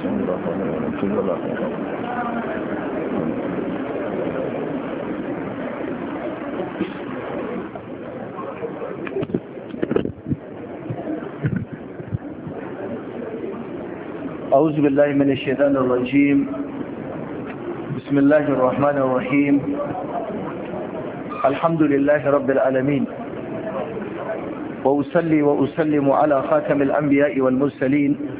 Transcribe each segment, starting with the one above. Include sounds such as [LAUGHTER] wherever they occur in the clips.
أعوذ بالله من الشيطان الرجيم بسم الله الرحمن الرحيم الحمد لله رب العالمين وأسلي وأسلم على خاتم الأنبياء والمرسلين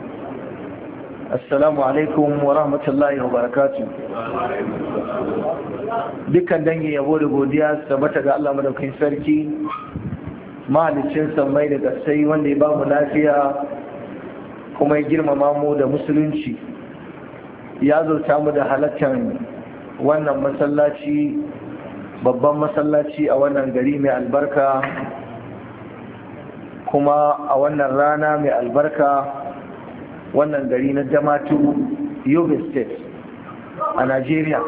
assalamu alaikum wa rahmatullahi wa barakatu dukkan dangi yabo da godiya sabata ga Allah madaukakin sarki mahalicin sammai da gasai wanda ya bamu lafiya kuma ya girmama mu da musulunci ya zauta mu da halattar wannan masallaci babban masallaci a wannan gari mai albarka kuma a wannan rana mai albarka wannan gari na jamatu yobe state a nigeria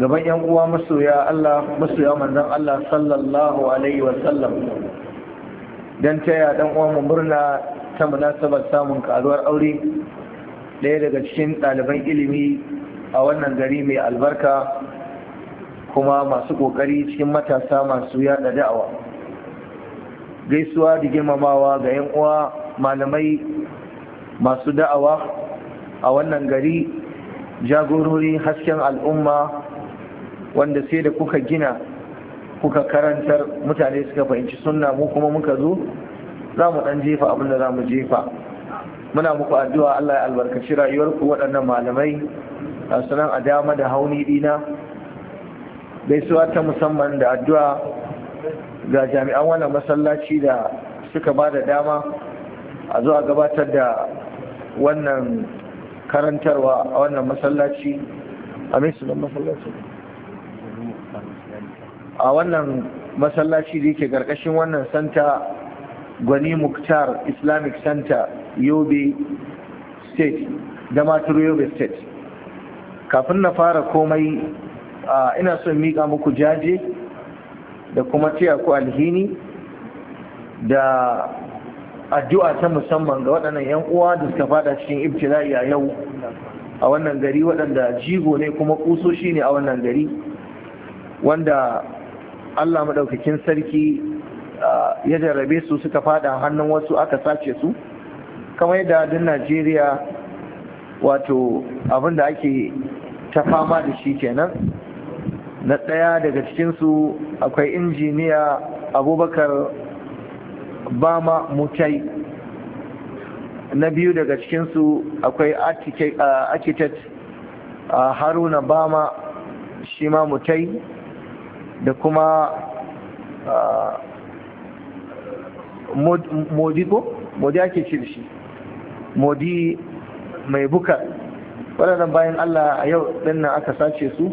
gaban yan uwa masoya allah masoya manzan allah sallallahu alaihi wasallam don taya dan uwa mu murna ta munasabar samun karuwar aure ɗaya daga cikin ɗaliban ilimi a wannan gari mai albarka kuma masu ƙoƙari cikin matasa masu yada da'awa gaisuwa da girmamawa ga 'yan uwa malamai masu da'awa a wannan gari jagorori hasken al'umma wanda sai da kuka gina kuka karantar mutane suka fahimci sunna mu kuma muka zo za mu ɗan jefa abin da za mu jefa muna muku addu'a Allah ya albarkaci rayuwarku waɗannan malamai a sunan a dama da hauni dina gaisuwa ta musamman da addu'a ga jami'an wannan masallaci da suka ba da dama a zuwa gabatar da wannan karantarwa a wannan masallaci a mai sunan masallaci a wannan masallaci da yake karkashin wannan santa gwani muktar islamic center yobe state da maturu yobe state kafin na fara komai ina son miƙa muku jaje da kuma tiya ku alhini da addu'a ta musamman ga waɗannan 'yan uwa da suka fada cikin ibtila'i a yau a wannan gari waɗanda jigo ne kuma ƙusoshi ne a wannan gari wanda Allah maɗaukakin sarki ya jarrabe su suka fada hannun wasu aka sace su kamar yadda duk Najeriya wato abin da ake ta fama da shi kenan na ɗaya daga cikinsu akwai injiniya abubakar Ba ma mutai na biyu daga cikinsu akwai architect uh, uh, haruna ba ma shi ma mutai da kuma uh, modi ko modi ake ce modi mai buka waɗannan bayan allah a yau ɗin aka sace su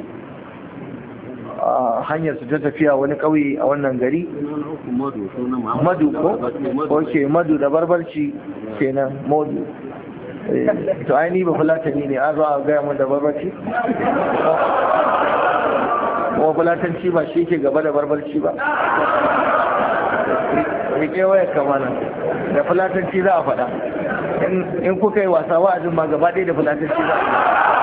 hanyar su ta tafiya wani ƙauye a wannan gari madu ko ok madu da barbarci kenan modu eh, to aini ba fulatani ne a zo a gaya mun da barbarci kuma fulatanci ba shi ke gaba da barbarci ba rike waya kamana da fulatanci za a faɗa in kuka yi wasa wa'azin ma gaba ɗaya da fulatanci ba?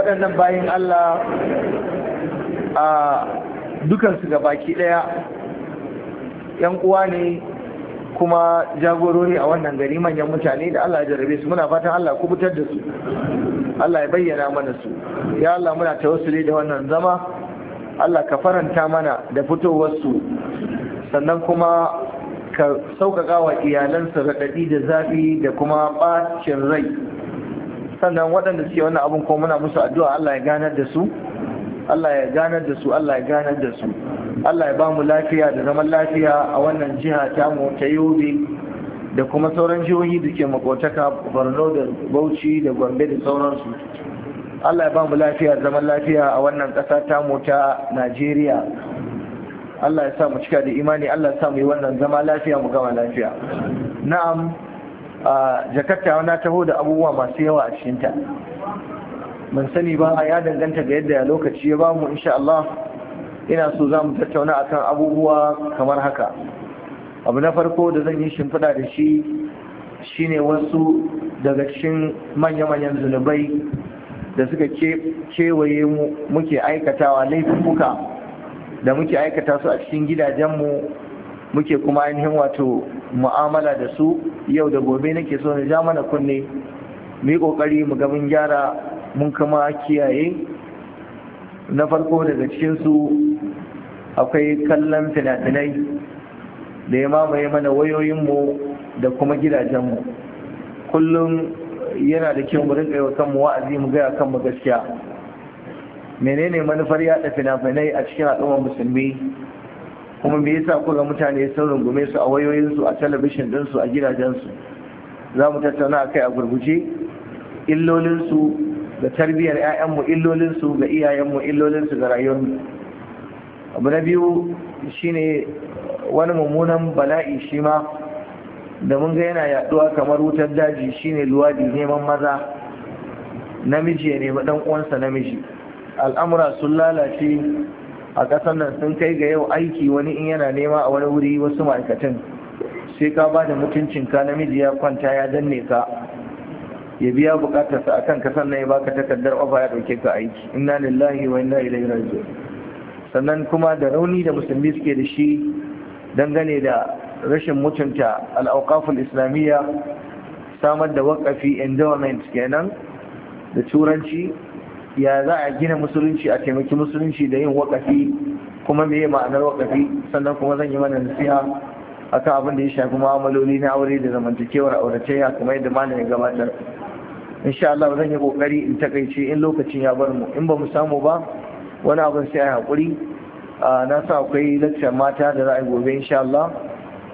waɗannan bayan Allah a dukansu ga baki ɗaya yan uwa ne kuma jagorori a wannan gari manyan mutane da Allah ya jarabe su muna fatan Allah kubutar da su Allah ya bayyana mana su ya Allah muna tawassuli da wannan zama Allah ka faranta mana da fitowarsu sannan kuma ka sauƙaƙa wa iyalansa raɗaɗi da zafi da kuma ɓacin rai sannan waɗanda suke wannan abin ko muna musu addu'a Allah ya ganar da su Allah ya ganar da su Allah ya ganar da su Allah ya ba mu lafiya da zaman lafiya a wannan jiha ta mu ta Yobe da kuma sauran jihohi da ke makotaka Borno da Bauchi da Gombe da sauransu Allah ya ba mu lafiya da zaman lafiya a wannan ƙasa ta mu ta Najeriya Allah ya sa mu cika da imani Allah ya sa mu yi wannan zama lafiya mu gama lafiya na'am jakarta na taho da abubuwa masu yawa a cikinta ban sani ba a ya danganta ga yadda lokaci ya bamu insha Allah ina so za mu tattauna akan abubuwa kamar haka abu na farko da zan yi shimfiɗa da shi shine wasu daga cikin manya-manyan zunubai da suka kewaye mu muke aikatawa laifuka da muke aikata su a cikin gidajenmu muke kuma ainihin wato mu'amala da su yau da gobe nake so na ja mana kunne mu yi kokari mu ga mun gyara mun kama kiyaye na farko daga cikin su akwai kallon fina-finai da ya mamaye mana wayoyinmu da kuma gidajenmu kullum yana da kyau mu rinka yau kanmu wa'azi mu gaya kanmu gaskiya menene manufar yada fina-finai a cikin al'ummar musulmi kuma me yasa kuma mutane sun rungume su a wayoyinsu a talabishin dinsu a gidajensu za mu tattauna a kai a gurguje illolinsu da tarbiyyar 'ya'yanmu illolinsu ga iyayenmu illolinsu ga rayuwarmu abu na biyu shine wani mummunan bala'i shi ma da mun ga yana yaduwa kamar wutar daji shine luwadi neman maza namiji ya nemi dan uwansa namiji al'amura sun lalace a ƙasar nan sun kai ga yau aiki wani in yana nema a wani wuri wasu ma'aikatan sai ka ba da mutuncinka namiji ya kwanta ya danne ka ya biya bukatarsa akan kasar sannan ya baka takardar ofa ya dauke ka aiki inna lillahi wa inna ilaihi raji'un sannan kuma da rauni da musulmi suke da shi dangane da rashin mutunta al'auqaful islamiyya samar da waqafi endowment kenan da turanci ya za a gina musulunci a taimaki musulunci da yin wakafi kuma me ma'anar wakafi sannan kuma zan yi mana nasiha akan abin da ya shafi mu'amaloli na aure da zamantakewar auratayya kuma yadda malam ya gabatar insha Allah zan yi kokari in takaice in lokacin ya bar mu in ba mu samu ba wani abin sai a hakuri na sa akwai lakcin mata da za a yi gobe insha Allah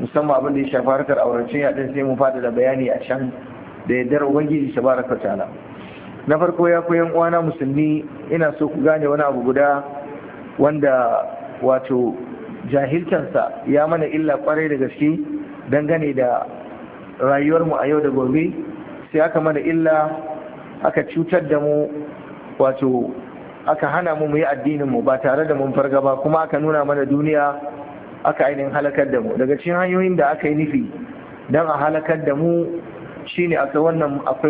musamman abin da ya shafi harkar auratayya din sai mu fada da bayani a can da yardar ubangiji tabaraka ta'ala na farko ya yan uwana musulmi ina so ku gane wani abu guda wanda wato jahilcansa ya mana illa kwarai da gaske dangane da rayuwarmu a yau da gobe sai aka mana illa aka cutar da mu wato aka hana mu mu yi mu ba tare da mun farga ba kuma aka nuna mana duniya aka ainihin halakar da mu daga cikin hanyoyin da aka yi nufi don a halakar da mu shine akwai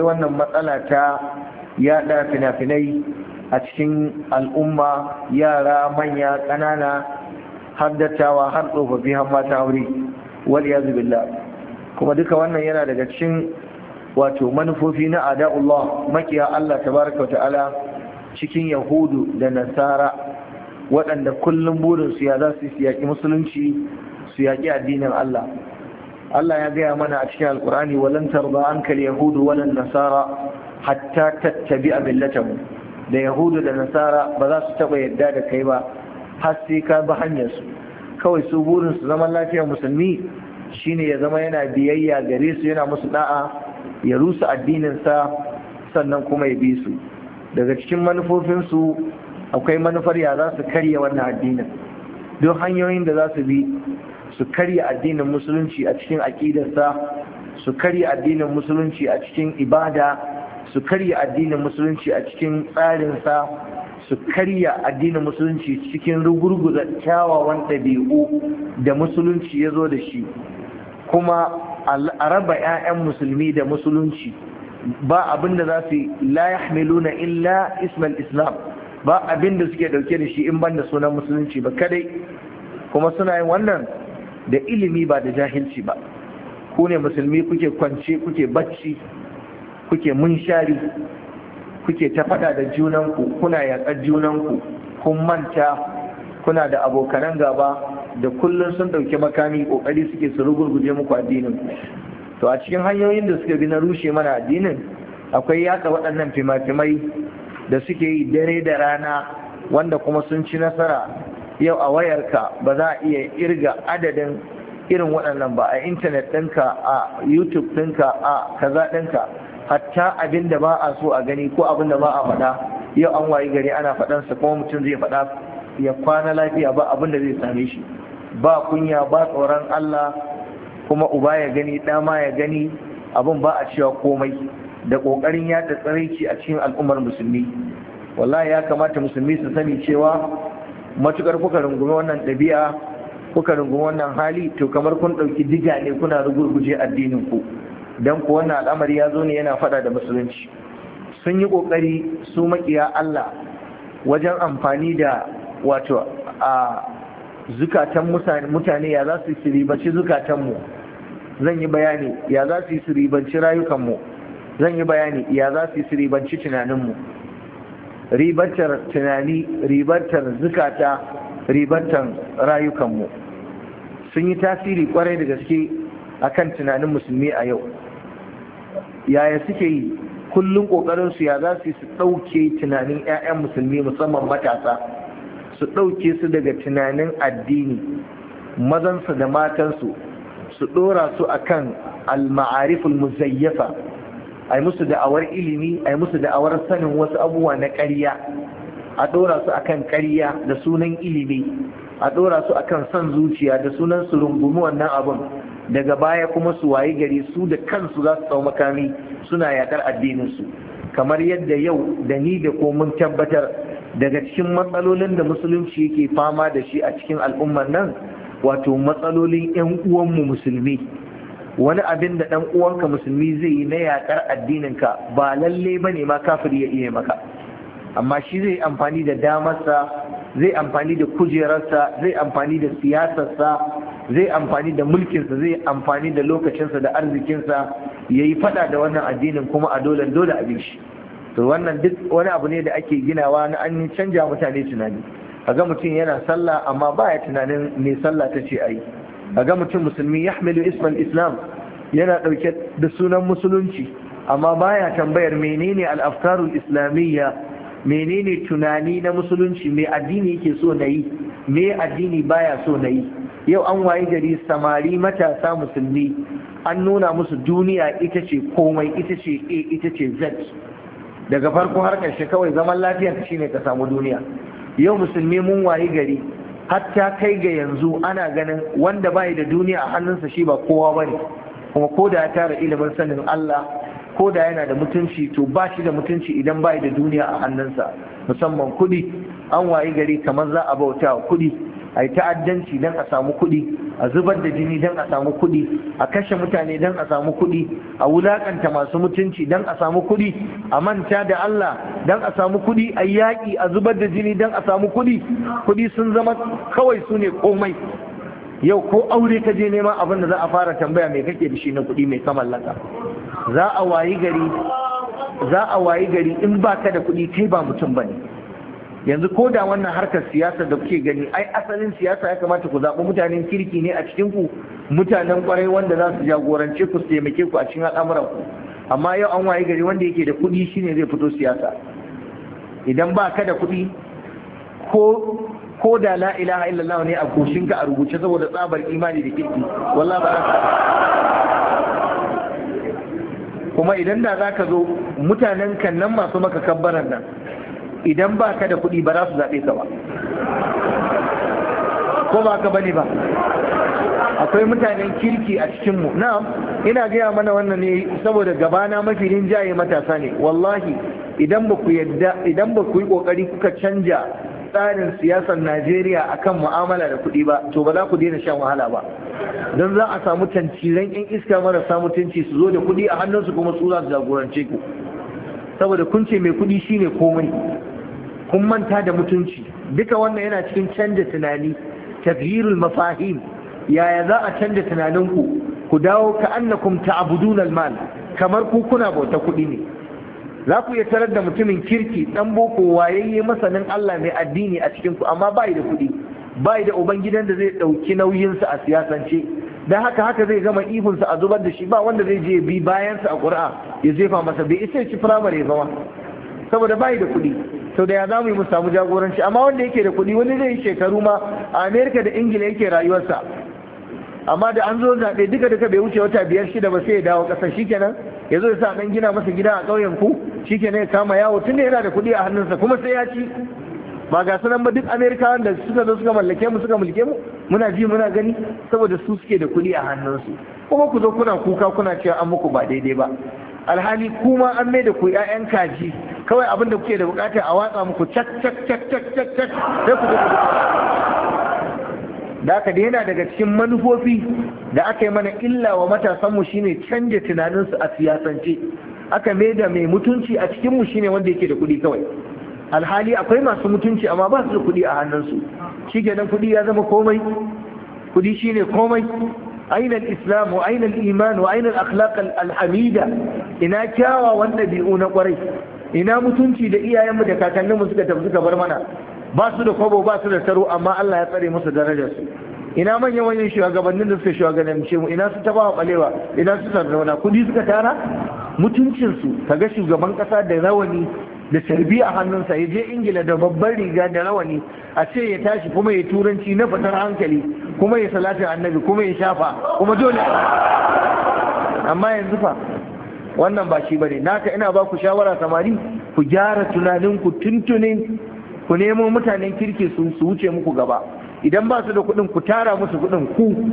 wannan matsala ta yada fina-finai a cikin al'umma yara manya ƙanana har dattawa har tsofaffi har mata aure wal billah kuma duka wannan yana daga cikin wato manufofi na ada'ullah makiya Allah tabaraka wa ta'ala cikin yahudu da nasara waɗanda kullum burin su ya za su yaƙi musulunci su yaƙi addinin Allah Allah ya gaya mana a cikin alƙur'ani walan tarda ankal yahudu walan nasara hatta tattabi a millatamu da yahudu da nasara ba za su taɓa yadda da kai ba har sai ka bi hanyarsu kawai su burin su zaman lafiyar musulmi shine ya zama yana biyayya gare su yana musu da'a ya rusa addininsa sannan kuma ya bi su daga cikin manufofinsu akwai manufar ya za su karya wannan addinin don hanyoyin da za su bi su karya addinin musulunci a cikin aƙidarsa su karya addinin musulunci a cikin ibada su karya addinin musulunci a cikin tsarinsa su karya addinin musulunci cikin rugurguza kyawawan ɗabi'u da musulunci ya zo da shi kuma a raba 'ya'yan musulmi da musulunci ba abin da za su la yahmiluna illa al islam ba abin da suke dauke da shi in banda sunan musulunci ba kadai kuma suna yin wannan da ilimi ba da jahilci ba ku ne musulmi kuke kwance kuke bacci kuke munshari kuke ta faɗa da junanku kuna yaƙar junanku kun manta kuna da abokanan gaba da kullum sun ɗauki makami ƙoƙari suke su rugurguje muku addinin to a cikin hanyoyin da suka bi na rushe mana addinin akwai yatsa waɗannan fimafimai da suke yi dare da rana wanda kuma sun ci nasara yau a wayarka ba za a iya irga adadin irin waɗannan ba a intanet ɗinka a youtube ɗinka a kaza ɗinka hatta abin da ba a so a gani ko abin da ba a faɗa yau an wayi gari ana faɗan sa kuma mutum zai faɗa ya kwana lafiya ba abin da zai same shi ba kunya ba tsoron Allah kuma uba ya gani dama ya gani abin ba a cewa komai da kokarin ya ta tsaraici a cikin al'ummar musulmi wallahi ya kamata musulmi su sani cewa matukar kuka rungume wannan ɗabi'a kuka rungume wannan hali to kamar kun ɗauki diga ne kuna rugurguje addinin ku don ku wannan al'amari ya zo ne yana fada da musulunci sun yi kokari su makiya Allah wajen amfani da wato a zukatan mutane ya za su yi ribanci zukatanmu zan yi bayani ya za su yi ribanci rayukanmu zan yi bayani ya za su yi ribanci tunaninmu ribantar tunani ribantar zukata ribantar rayukanmu sun yi tasiri kwarai da gaske akan tunanin musulmi a yau yaya suke yi kullum kokarin su ya za su su ɗauke tunanin 'ya'yan musulmi musamman matasa su ɗauke su daga tunanin addini mazansu da matansu su ɗora su akan al-ma'ariful muzayyafa ai musu da'awar ilimi ai musu da'awar sanin wasu abubuwa na ƙarya a ɗora su akan ƙarya da sunan ilimi a ɗora su akan son zuciya da sunan su rungumi wannan abun daga baya kuma su wayi gari su da kansu za su tsau makami suna yakar addininsu kamar yadda yau da ni da ko mun tabbatar daga cikin matsalolin da musulunci yake fama da shi a cikin al'ummar nan wato matsalolin 'yan uwanmu musulmi wani abin da ɗan uwanka musulmi zai yi na yakar addininka ba lalle ba ne ma kafiri ya iya maka amma shi zai amfani da damarsa zai amfani da kujerarsa zai amfani da siyasarsa zai amfani da mulkinsa zai amfani da lokacinsa da arzikinsa ya yi fada da wannan addinin kuma a dole dole a shi to wannan duk wani abu ne da ake ginawa na an canja mutane tunani ga mutum yana sallah amma ba ya tunanin me sallah ta ce ayi ga mutum musulmi ya hamilu ismal islam yana ɗauke da sunan musulunci amma ba ya tambayar menene al islamiyya menene tunani na musulunci me addini yake so na yi me addini baya so na yi yau an wayi gari samari matasa musulmi an nuna musu duniya ita ce komai ita ce a ita ce z daga farko har ƙarshe kawai zaman lafiyar shine ka samu duniya yau musulmi mun wayi gari hatta kai ga yanzu ana ganin wanda bai da duniya a hannunsa shi ba kowa bane kuma ko da ya tara ilimin sanin Allah ko da yana da mutunci to ba shi da mutunci idan bai da duniya a hannunsa musamman kuɗi an wayi gari kamar za a bauta kuɗi a yi ta'addanci don a samu kuɗi a zubar da jini don a samu kuɗi a kashe mutane don a samu kuɗi a wulakanta masu mutunci don a samu kuɗi a manta da Allah don a samu kuɗi a yaƙi a zubar da jini don a samu kuɗi kuɗi sun zama kawai su ne komai yau ko aure ka je neman abin da za a fara tambaya mai kake da shi na kuɗi mai kamallaka za za a wayi gari in baka da kuɗi kai ba mutum bane yanzu ko da wannan harkar siyasa da kuke gani ai asalin siyasa ya kamata ku zaɓi mutanen kirki ne a cikin ku mutanen kwarai wanda za su jagorance ku su taimake ku a cikin al'amuran ku amma yau an waye gari wanda yake da kuɗi shine zai fito siyasa idan ba ka da kuɗi ko ko da la ilaha illallah ne a ka a rubuce saboda tsabar imani da kirki wallahi ba kuma idan da za ka zo mutanen kan nan masu maka kabbaran nan idan ba ka da kuɗi ba za su zaɓe ka ba ko ba ka bane ba akwai mutanen kirki a cikinmu na ina gaya mana wannan ne saboda gabana mafi rinjayi matasa ne wallahi idan ba ku idan ba yi kokari kuka canja tsarin siyasar najeriya akan mu'amala da kuɗi ba to ba za ku daina shan wahala ba don za a samu tanciran yan iska mara marasa mutunci su zo da kuɗi a hannunsu kuma su za su jagorance ku saboda kun ce mai kuɗi shine komai kun manta da mutunci duka wannan yana cikin canja tunani tafhirul mafahim yaya za a canja tunaninku ku dawo ka annakum ta'buduna al kamar ku kuna bauta kuɗi ne za ku iya tarar da mutumin kirki dan boko wayayye masanin Allah mai addini a cikin ku amma bai da kuɗi bai da ubangidan da zai ɗauki nauyinsa a siyasance dan haka haka zai gama ihunsa a zubar da shi ba wanda zai je bi bayansa a ƙuri'a ya jefa masa bai isa ci firamare ba saboda bai da kuɗi sau da ya za mu yi mu samu jagoranci amma wanda yake da kuɗi wani zai yi shekaru ma a amerika da ingila yake rayuwarsa amma da an zo zaɓe duka duka bai wuce wata biyar shida ba sai ya dawo ƙasar shikenan ya zo ya sa ɗan gina masa gida a ƙauyen ku shikenan ya kama yawo tunda yana da kuɗi a hannunsa kuma sai ya ci ba ga sanan ba duk amerikawan da suka zo suka mallake mu suka mulke mu muna ji muna gani saboda su suke da kuɗi a hannunsu kuma ku zo kuna kuka kuna cewa an muku ba daidai ba alhali kuma an mai da ku 'ya'yan kaji kawai abin da kuke da bukata a watsa muku cak cak cak cak cak cak sai ku da aka da yana daga cikin manufofi da aka yi mana illa wa matasanmu shine canja tunaninsu a siyasance aka mai da mai mutunci a cikinmu shine wanda yake da kuɗi kawai alhali akwai masu mutunci amma ba su da kuɗi a hannunsu shi kenan kuɗi ya zama komai kuɗi shine komai Ainan ainan الإسلام وأين الإيمان وأين الأخلاق الحميدة إنا كاوى والنبيئون قريش إنا da لإيا يمد كاكن مسكة مسكة برمنا باسو da kwabo basu da taro amma Allah ya tsare musu darajarsu ina manyan manyan shugabannin da suka shugabance mu ina su taba balewa ina su sarrauna kudi suka tara mutuncinsu kaga shugaban kasa da rawani da sarbi a hannunsa ya je ingila da babban riga da rawani a ce ya tashi kuma ya turanci na fitar hankali kuma ya salatin annabi kuma ya shafa kuma dole amma yanzu fa wannan ba shi bane naka ina ba ku shawara samari ku gyara tunaninku tuntunin ku nemo mutanen kirki su su wuce muku gaba idan ba su da kuɗin ku tara musu kuɗin ku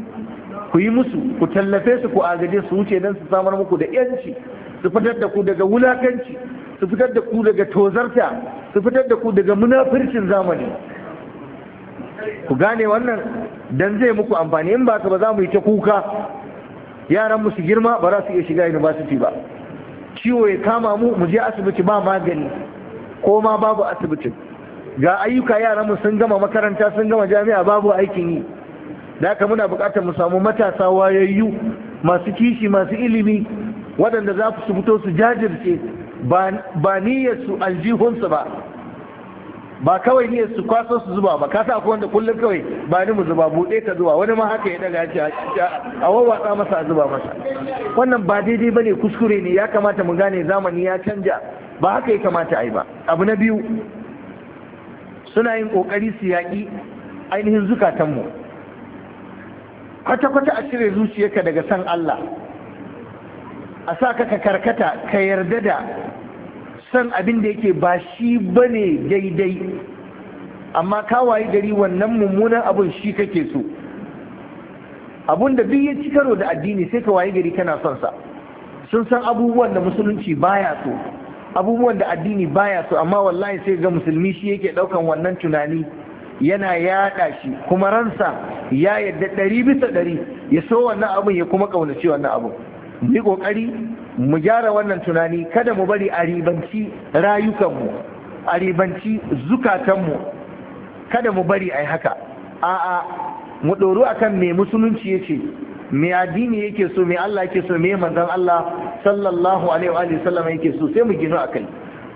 ku yi musu ku tallafe su ku agaje su wuce don su samar muku da yanci su fitar da ku daga wulakanci su fitar da ku daga tozarta su fitar da ku daga munafircin zamani ku gane wannan dan zai muku amfani in ba ka ba za mu yi ta kuka yaran mu su girma ba za su iya shiga university ba ciwo ya kama mu mu je asibiti ba magani ko ma babu asibiti ga ayyuka yaran mu sun gama makaranta sun gama jami'a babu aikin yi da haka muna buƙatar mu samu matasa wayayyu masu kishi masu ilimi waɗanda za su fito su jajirce ba niyyarsu aljihunsu ba ba kawai niyyar su kwaso su zuba ba kasa akwai wanda kullum kawai ba ni mu zuba buɗe ka zuba wani ma haka ya daga ci a wawatsa masa a zuba masa wannan ba daidai ba ne kuskure ne ya kamata mu gane zamani ya canja ba haka ya kamata a yi ba abu na biyu suna yin ƙoƙari su yaƙi ainihin zukatanmu kwata-kwata a cire zuciyarka daga san Allah a sa ka ka karkata ka yarda da san abin da yake ba shi bane daidai amma kawaye gari wannan mummunan abun shi kake so abun da biyu ya ci karo da addini sai ka waye gari kana son sa sun san abubuwan da musulunci baya so abubuwan da addini baya so amma wallahi sai ga musulmi shi yake daukan wannan tunani yana yaɗa shi kuma ransa ya yadda ɗari bisa ɗari ya so wannan abun ya kuma ƙaunaci wannan abun mu yi ƙoƙari mu gyara wannan tunani kada mu bari a ribanci rayukanmu a ribanci zukatanmu kada mu bari a yi haka a'a mu ɗoru akan mai musulunci ya ce mai addini yake so mai Allah yake so mai manzan Allah sallallahu alaihi wa sallama yake so sai mu gino akai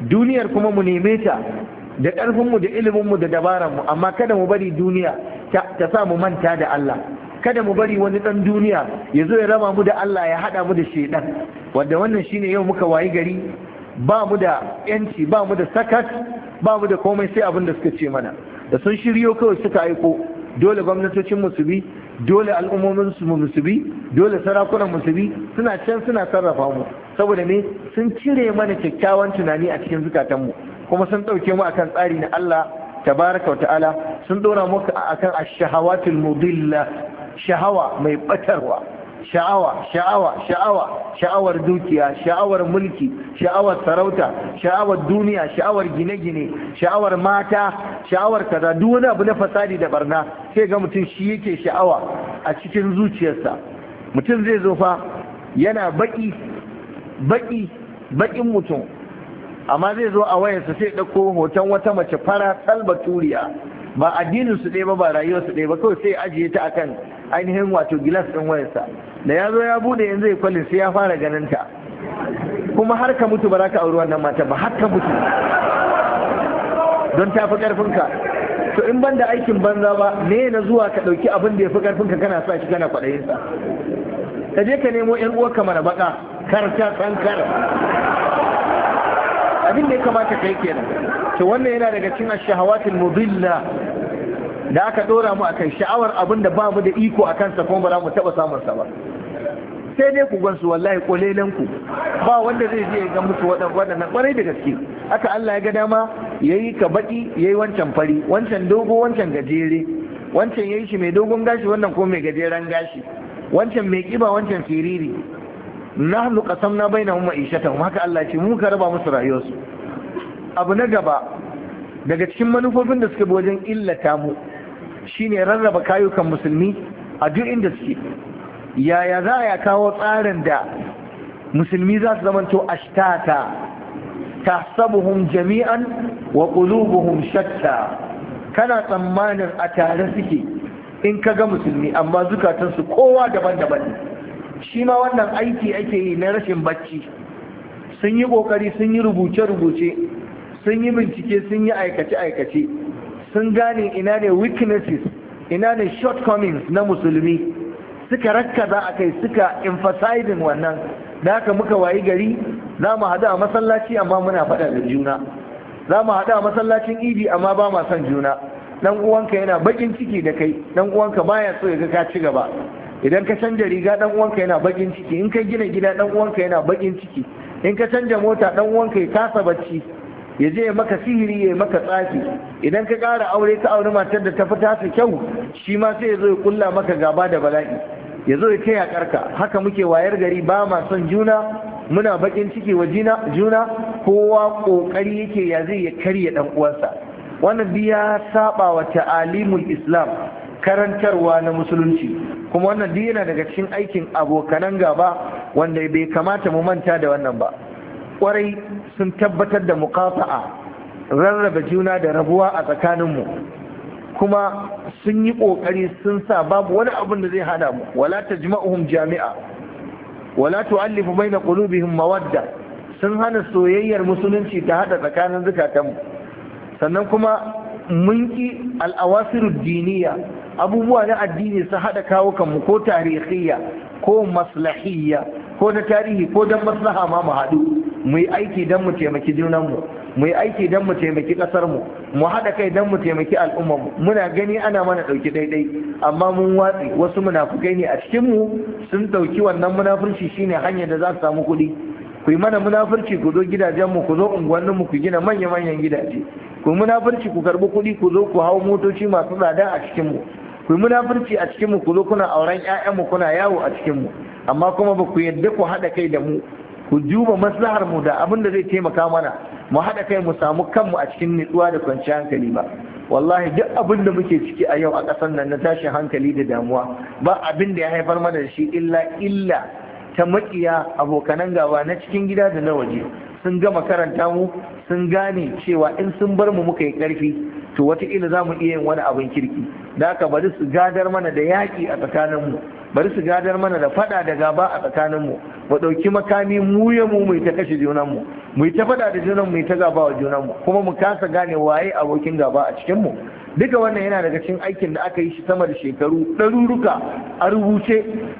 duniyar kuma mu neme ta da ƙarfinmu da iliminmu da dabaranmu amma kada mu bari duniya ta sa mu manta da Allah kada mu bari wani dan duniya ya zo ya raba mu da Allah ya hada mu da shedan wanda wannan shine yau muka wayi gari ba mu da yanci ba mu da sakat ba mu da komai sai abin da suka ce mana da sun shiryo kawai suka aiko dole gwamnatocin musubi dole al'ummomin su musubi dole sarakunan musubi suna can suna sarrafa mu saboda me sun cire mana kyakkyawan tunani a cikin zukatan mu kuma sun ɗauke mu akan tsari na Allah tabaraka wa ta'ala sun ɗora mu akan ash-shahawatul mudilla Sha'awa mai batarwa sha'awa sha'awa sha'awa sha'awar dukiya sha'awar mulki sha'awar sarauta sha'awar duniya sha'awar gine-gine sha'awar mata sha'awar kaza duk wani abu na fasadi da barna sai ga mutum shi yake sha'awa a cikin zuciyarsa mutum zai zo fa yana baki baki bakin mutum amma zai zo a wayarsa sai ɗauko hoton wata mace fara turiya. ba addinin su ɗaya ba ba rayuwar su ɗaya ba kawai sai ajiye ta akan ainihin wato gilas ɗin wayarsa da ya zo ya bude yanzu ya kwalin sai ya fara ganin ta kuma har ka mutu ba za ka auri wannan mata ba har ka mutu don ta fi ƙarfinka to in ban da aikin banza ba ne na zuwa ka ɗauki abin da ya fi ƙarfinka kana sa shi kana sa ka je ka nemo 'yan uwarka mana baka kar ta tsankar abin da ya kamata kai kenan to wannan yana daga cikin ash-shahawatil mudilla da aka dora mu akan sha'awar abin da babu da iko akan sa kuma ba za mu taba samun sa ba sai dai ku gansu wallahi kolelan ku ba wanda zai je ga musu waɗannan kwarai da gaske Aka Allah ya ga dama yayi ka baki yayi wancan fari wancan dogo wancan gajere wancan yayi shi mai dogon gashi wannan ko mai gajeren gashi wancan mai kiba wancan siriri Na nahnu qasamna bainahum ma'ishatahum haka Allah ce mu ka raba musu rayuwarsu abu na gaba daga cikin manufofin da suka bi wajen illata mu shine rarraba kayukan musulmi a duk inda suke yaya za a kawo tsarin da musulmi za su zamanto ashtata tahsabuhum jami'an wa qulubuhum shatta kana tsammanin a tare suke in ka ga musulmi amma zukatansu kowa daban-daban shi ma wannan aiki ake yi na rashin bacci sun yi kokari sun yi rubuce-rubuce sun yi bincike sun yi aikace-aikace sun gane ina ne weaknesses ina ne shortcomings na musulmi suka rakkaza a kai suka emphasizing wannan da haka muka wayi gari za mu haɗu a masallaci amma muna faɗa da juna za mu haɗu a masallacin idi amma ba ma son juna ɗan uwanka yana bakin ciki da kai ɗan uwanka baya so ya ga ka ci gaba idan ka canja riga dan uwanka yana bakin ciki in ka gina gida dan uwanka yana bakin ciki in ka canja mota dan uwanka ya kasa bacci ya je maka sihiri ya maka tsafi idan ka ƙara aure ka auri matar da ta fi tasa kyau shi ma sai ya zo ya kulla maka gaba da bala'i ya zo ya taya karka haka muke wayar gari ba ma son juna muna bakin ciki wa juna kowa kokari yake ya zai ya karya dan uwansa wannan biya saba wa ta'alimul islam karantarwa na musulunci kuma wannan duk yana daga cikin aikin abokanan gaba wanda bai kamata mu manta da wannan ba kwarai sun tabbatar da mukafa'a rarraba juna da rabuwa a tsakaninmu kuma sun yi ƙoƙari sun sa babu wani abin da zai hada mu wala tajma'uhum jami'a wala tu'allifu baina qulubihim mawadda sun hana soyayyar musulunci ta hada tsakanin zukatanmu sannan kuma mun ki al-awasirud diniya abubuwa na addini sun haɗa kawo kanmu ko tarihiyya ko maslahiyya ko na tarihi ko don maslaha ma mu haɗu mu yi aiki don mu taimaki junanmu mu yi aiki don mu taimaki ƙasarmu mu haɗa kai don mu taimaki mu, muna gani ana mana ɗauki daidai amma mun watsi wasu munafukai ne a cikinmu sun ɗauki wannan munafurci shine hanyar da za su samu kuɗi ku yi mana munafurci ku zo gidajenmu ku zo unguwanninmu ku gina manya-manyan gidaje ku munafurci ku karɓi kuɗi ku zo ku hau motoci masu tsada a cikinmu ku yi munafurci a cikin mu ku zo kuna auren ƴaƴan mu kuna yawo a cikin mu amma kuma ba ku yadda ku haɗa kai da mu ku duba maslahar mu da abin da zai taimaka mana mu haɗa kai mu samu kanmu a cikin nutsuwa da kwanciyar hankali ba wallahi duk abin da muke ciki a yau a ƙasar nan na tashin hankali da damuwa ba abin da ya haifar mana da shi illa illa ta maƙiya abokanan gaba na cikin gida da na waje sun gama karanta mu sun gane cewa in sun bar mu muka yi ƙarfi to wataƙila za mu iya yin wani abin kirki da aka bari su gadar mana da yaƙi a tsakaninmu bari su gadar mana da fada da gaba a tsakaninmu mu ɗauki makami mu ya mu mu ta kashe junanmu mu ta fada da junanmu mu ta gaba wa junanmu kuma mu kasa gane waye abokin gaba a cikinmu duka wannan yana daga cikin aikin da aka yi shi sama da shekaru ɗaruruka a rubuce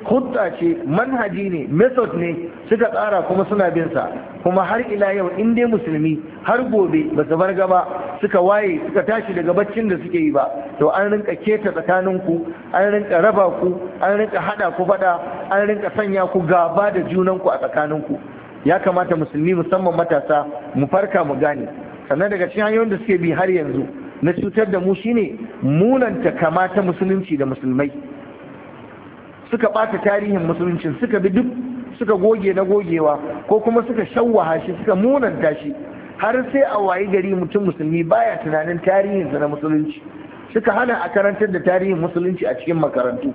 hutta ce manhaji ne method ne suka tsara kuma suna bin sa kuma har ila yau in dai musulmi har gobe ba su bar gaba suka waye suka tashi daga baccin da suke yi ba to an rinka keta tsakanin ku an rinka raba ku an rinka hada ku fada an rinka sanya ku gaba da junan ku a tsakanin ku ya kamata musulmi musamman matasa mu farka mu gane sannan daga cikin hanyoyin da suke bi har yanzu na cutar da mu shine munanta kamata musulunci da musulmai suka ɓata tarihin musuluncin suka bi duk suka goge na gogewa ko kuma suka shawwaha shi suka munanta shi har sai a wayi gari mutum musulmi baya tunanin tarihinsa na musulunci suka hana a karantar da tarihin musulunci a cikin makarantu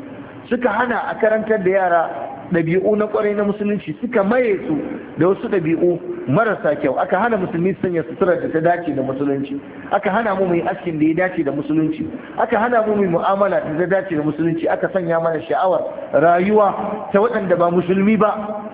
suka hana a karantar da yara ɗabi'u na kwarai na musulunci suka maye su da wasu ɗabi'u marasa kyau aka hana musulmi sanya suturar da ta dace da musulunci aka hana mu mai askin da ya dace da musulunci aka hana mu mai mu'amala da ta dace da musulunci aka sanya mana sha'awar rayuwa ta waɗanda ba musulmi ba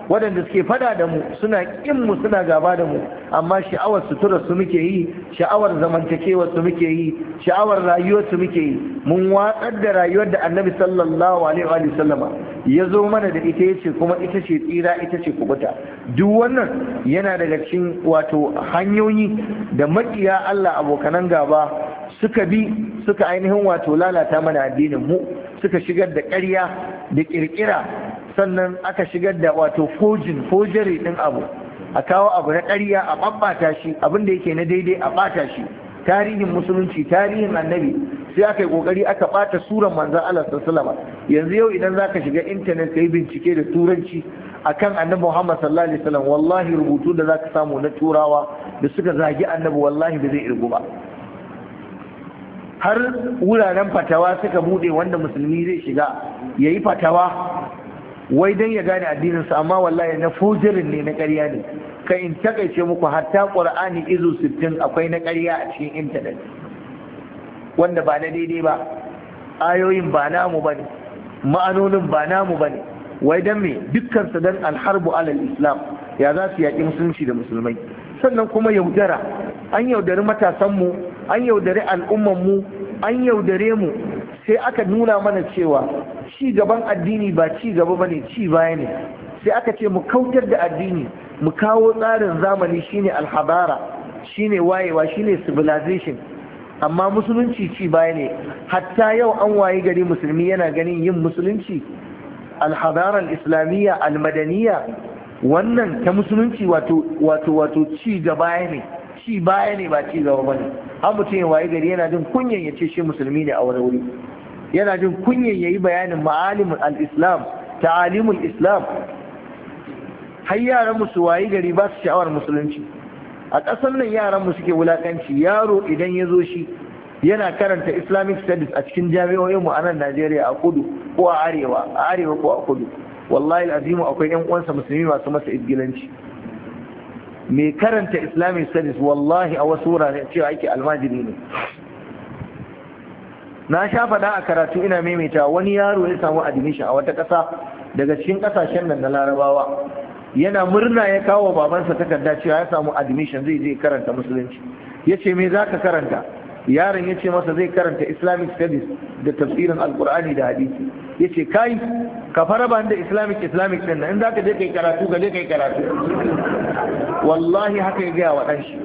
waɗanda suke fada da mu suna ƙin mu suna gaba da mu amma sha'awar sutura su muke yi sha'awar zamantakewa su muke yi sha'awar rayuwar su muke yi mun watsar da rayuwar da annabi sallallahu alaihi wa sallama ya zo mana da ita ɗaya ce kuma ita ce tsira ita ce kubuta duk wannan yana daga cikin wato hanyoyi da makiya Allah abokanan gaba suka bi suka ainihin wato lalata mana addinin mu suka shigar da ƙarya da ƙirƙira sannan aka shigar da wato fojin fojere ɗin abu a kawo abu na ƙarya a ɓaɓɓata shi abin da yake na daidai a ɓata shi tarihin musulunci tarihin annabi sai aka yi kokari aka bata suran manzon Allah sallallahu alaihi yanzu yau idan zaka shiga internet kai bincike da turanci akan annabi Muhammad sallallahu alaihi wasallam wallahi rubutu da zaka samu na turawa da suka zagi annabi wallahi ba zai irgu ba har wuraren fatawa suka bude wanda musulmi zai shiga yayi fatawa wai dan ya gane addinin sa amma wallahi na fujirin ne na ƙarya ne kai in takaice muku hatta qur'ani izu 60 akwai na ƙarya a cikin intanet. wanda ba na daidai ba ayoyin ba namu ba ne, ma'anonin ba namu ba ne. wai dan mai dukkan su dan alharbu alal islam ya za su yaƙi musulunci da musulmai sannan kuma yaudara an yaudari matasanmu an yaudari al'ummanmu an yaudare mu sai aka nuna mana cewa ci gaban addini ba ci gaba ba ne, ci baya ne sai aka ce mu kautar da addini mu kawo tsarin zamani shine alhabara shine wayewa shine civilization amma musulunci ci baya ne hatta yau an wayi gari musulmi yana ganin yin musulunci alhadaran islamiyya almadaniya wannan ta musulunci wato wato wato ci gaba ne ci baya ne ba ci gaba bane har mutum ya wayi gari yana jin kunyan ya ce shi musulmi ne a wani wuri yana jin kunyan ya yi bayanin ma'alimin al-islam ta'alimul islam har yaran musu wayi gari ba su sha'awar musulunci a ƙasar nan yaran mu suke wulakanci yaro idan ya zo shi yana karanta islamic studies a cikin jami'o'in mu a nan najeriya a kudu ko a arewa a arewa ko a kudu wallahi azimu akwai yan uwansa musulmi masu masa izgilanci mai karanta islamic studies wallahi a wasu wurare cewa ake almajiri ne na sha faɗa a karatu ina maimaita wani yaro ya samu admission a wata ƙasa daga cikin ƙasashen nan na larabawa yana murna ya kawo babansa takarda cewa ya samu admission zai je karanta musulunci ya ce me za ka karanta yaron ya ce masa zai karanta islamic studies da tafsirin alkur'ani da hadisi ya ce kai ka fara ba da islamic islamic din in za ka je kai karatu ka je kai karatu wallahi haka ya gaya wa ɗan shi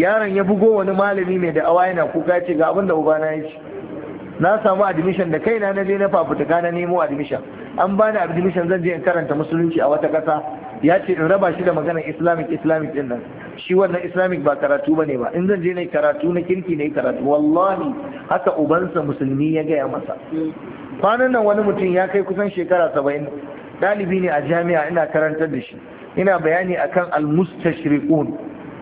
yaron ya bugo wani malami mai da'awa yana kuka ya ce ga abin da ubana ya ce na samu admission da kaina na je na fafutuka na nemo admission an bani admission zan je in karanta musulunci a wata ƙasa ya ce in raba shi da maganar islamic islamic din nan shi wannan islamic ba karatu bane ba in zan je na karatu na kirki na karatu wallahi haka ubansa musulmi ya gaya masa kwanan nan wani mutum ya kai kusan shekara saba'in Dalibi ne a jami'a ina karantar da shi ina bayani akan al-mustashriqun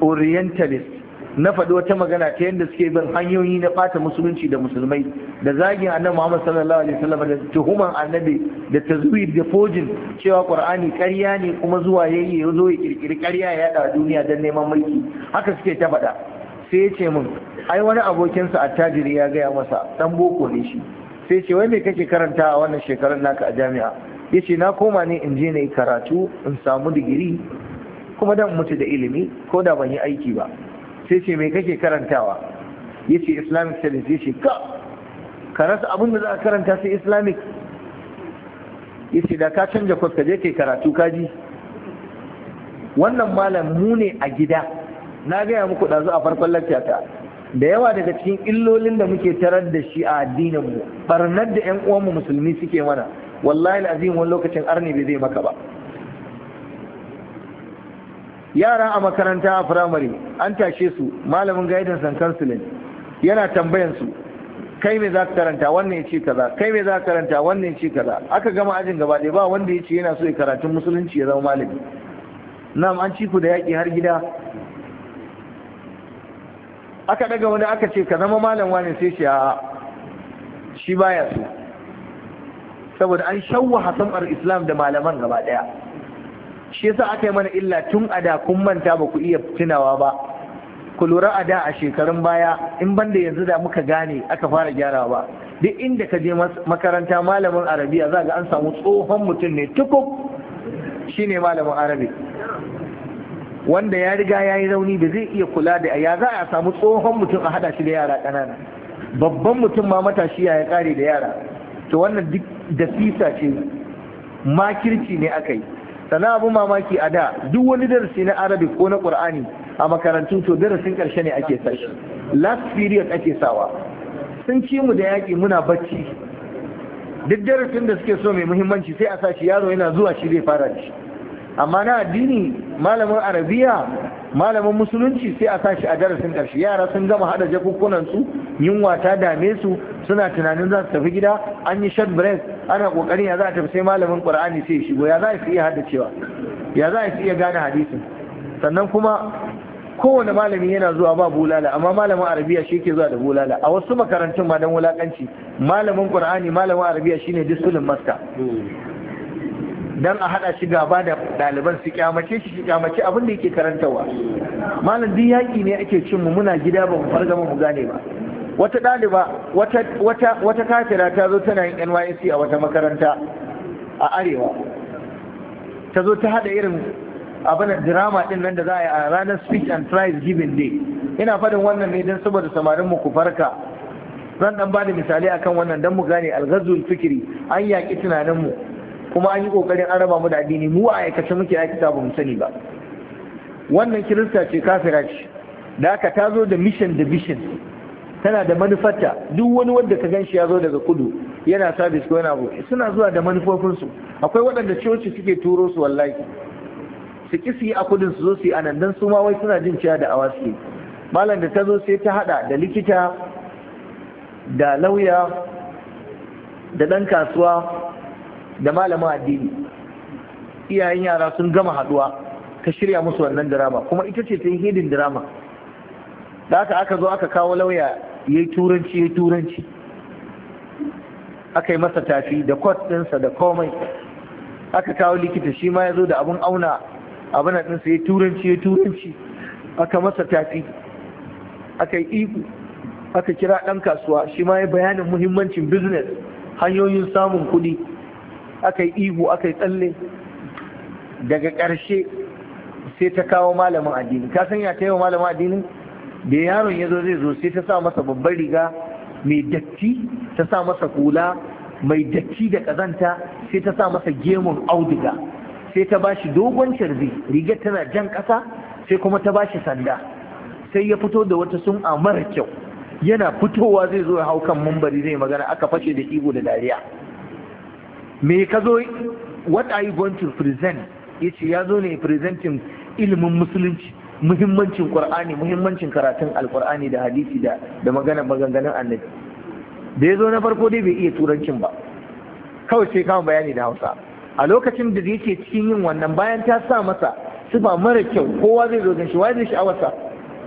orientalist na faɗi wata magana ta yadda suke bin hanyoyi na ɓata musulunci da musulmai da zagin annabi Muhammad sallallahu alaihi wasallam da tuhuman annabi da tazwid da fojin cewa Qur'ani ƙarya ne kuma zuwa yayi zo ya kirkiri ƙarya ya yada duniya don neman mulki haka suke ta faɗa sai ya ce min ai wani abokinsa attajiri ya gaya masa dan boko ne shi sai ce wai me kake karanta a wannan shekarun naka a jami'a yace na koma ne in je na yi karatu in samu digiri kuma dan mutu da ilimi ko da ban yi aiki ba sai ce mai kake karantawa ya ce islamic studies ya ce ka ka abin da za a karanta sai islamic ya ce da ka canja kwas ka je ke karatu kaji wannan malam mu ne a gida na gaya muku ɗazu a farkon ta da yawa daga cikin illolin da muke tarar da shi a addinin mu ɓarnar da 'yan uwanmu musulmi suke mana wallahi azim wani lokacin arni bai zai maka ba yara a makaranta a firamare an tashe su malamin gaidan San kansulin yana tambayan su kai me za ka karanta wannan ya ce kaza kai me za ka karanta wannan ya ce kaza aka gama ajin gaba ɗaya ba wanda ya ce yana so ya karatun musulunci ya zama malami nam an ci ku da yaƙi har gida aka daga wani aka ce ka zama malam wani sai shi a shi baya so saboda an shawwa hasamar islam da malaman gaba ɗaya shi yasa aka yi mana illa tun a da kun manta ba ku iya tunawa ba ku lura a da a shekarun baya in banda yanzu da muka gane aka fara gyara ba duk inda ka je makaranta malamin arabiya za ga an samu tsohon mutum ne tukuk shi ne malamin arabi wanda ya riga ya yi rauni da zai iya kula da ya za a samu tsohon mutum a haɗa shi da yara ƙanana babban mutum ma matashi ya kare da yara to wannan duk da fisa ce makirci ne aka yi sana abu mamaki a da duk wani darasi na arabic ko na qur'ani a makarantu to darasin karshe ne ake sashi last period ake sawa sun ci mu da yaƙi muna bacci duk darasin da suke so mai muhimmanci sai a sashi yaro yana zuwa shi zai fara da shi amma na addini malamin arabiya malamin musulunci sai a sashi a darasin ƙarshe yara sun gama haɗa jakunkunan su yunwa ta dame su suna tunanin za su tafi gida an yi shan break ana ƙoƙarin ya za a tafi sai malamin ƙur'ani sai shigo ya za su iya cewa ya za su iya gane hadisin sannan kuma kowane malami yana zuwa ba bulala amma malamin arabiya shi ke zuwa da bulala a wasu makarantun ma dan wulakanci malamin ƙur'ani malamin arabiya shine disulin maska dan a hada shi gaba da ɗaliban su kyamace shi kyamace abin da yake karantawa malam din yaki ne ake cin mu muna gida ba mu farga mu gane ba wata ɗaliba wata wata wata kafira ta zo tana yin NYSC a wata makaranta a arewa ta zo ta hada irin abin drama din nan da za a yi a ranar speech and prize giving day ina faɗin wannan ne don saboda samarin mu ku farka zan dan ba da misali akan wannan don mu gane algazul fikiri an yaki tunanin mu kuma an yi kokarin an raba mu da addini mu a aikace muke aikata ba mu sani ba wannan kirista ce kafira ce da aka ta zo da mission da vision tana da manufarta duk wani wanda ka ganshi ya zo daga kudu yana sabis ko yana abu suna zuwa da manufofinsu akwai waɗanda coci suke turo su wallahi su ki su yi a kudin su zo su yi a nan don su ma wai suna jin ciya da awa suke malam da ta zo sai ta haɗa da likita da lauya da ɗan kasuwa da malamin addini iyayen yara sun gama haduwa ta shirya musu wannan drama kuma ita ce ta yi hidin drama da haka aka zo aka kawo lauya ya yi turanci ya yi turanci aka yi masa tafi da kwat ɗinsa da komai aka kawo likita shi ma ya zo da abin auna abin ɗinsa ya turanci ya turanci aka masa tafi aka yi iku aka kira ɗan kasuwa shi ma ya bayanin muhimmancin business hanyoyin samun kuɗi aka yi ihu aka yi tsalle daga ƙarshe sai ta kawo malamin addini ka san ya ta wa malamin addinin da yaron ya zo zai zo sai ta sa masa babbar riga mai datti ta sa masa kula mai datti da ƙazanta sai ta sa masa gemun auduga sai ta ba shi dogon carbi rigar tana jan ƙasa sai kuma ta ba shi sanda sai ya fito da wata sun a mara kyau yana fitowa zai zo ya hau kan mambari zai magana aka fashe da ihu da dariya me ka zo what are you going to present ya ce ya zo ne presenting ilimin musulunci muhimmancin qur'ani muhimmancin karatun alqur'ani da hadisi da da magana maganganun annabi da ya zo na farko dai bai iya turancin ba kawai sai kama bayani da hausa a lokacin da yake cikin yin wannan bayan ta sa masa sifa mara kyau kowa zai zo gan shi wai zai sha'awarsa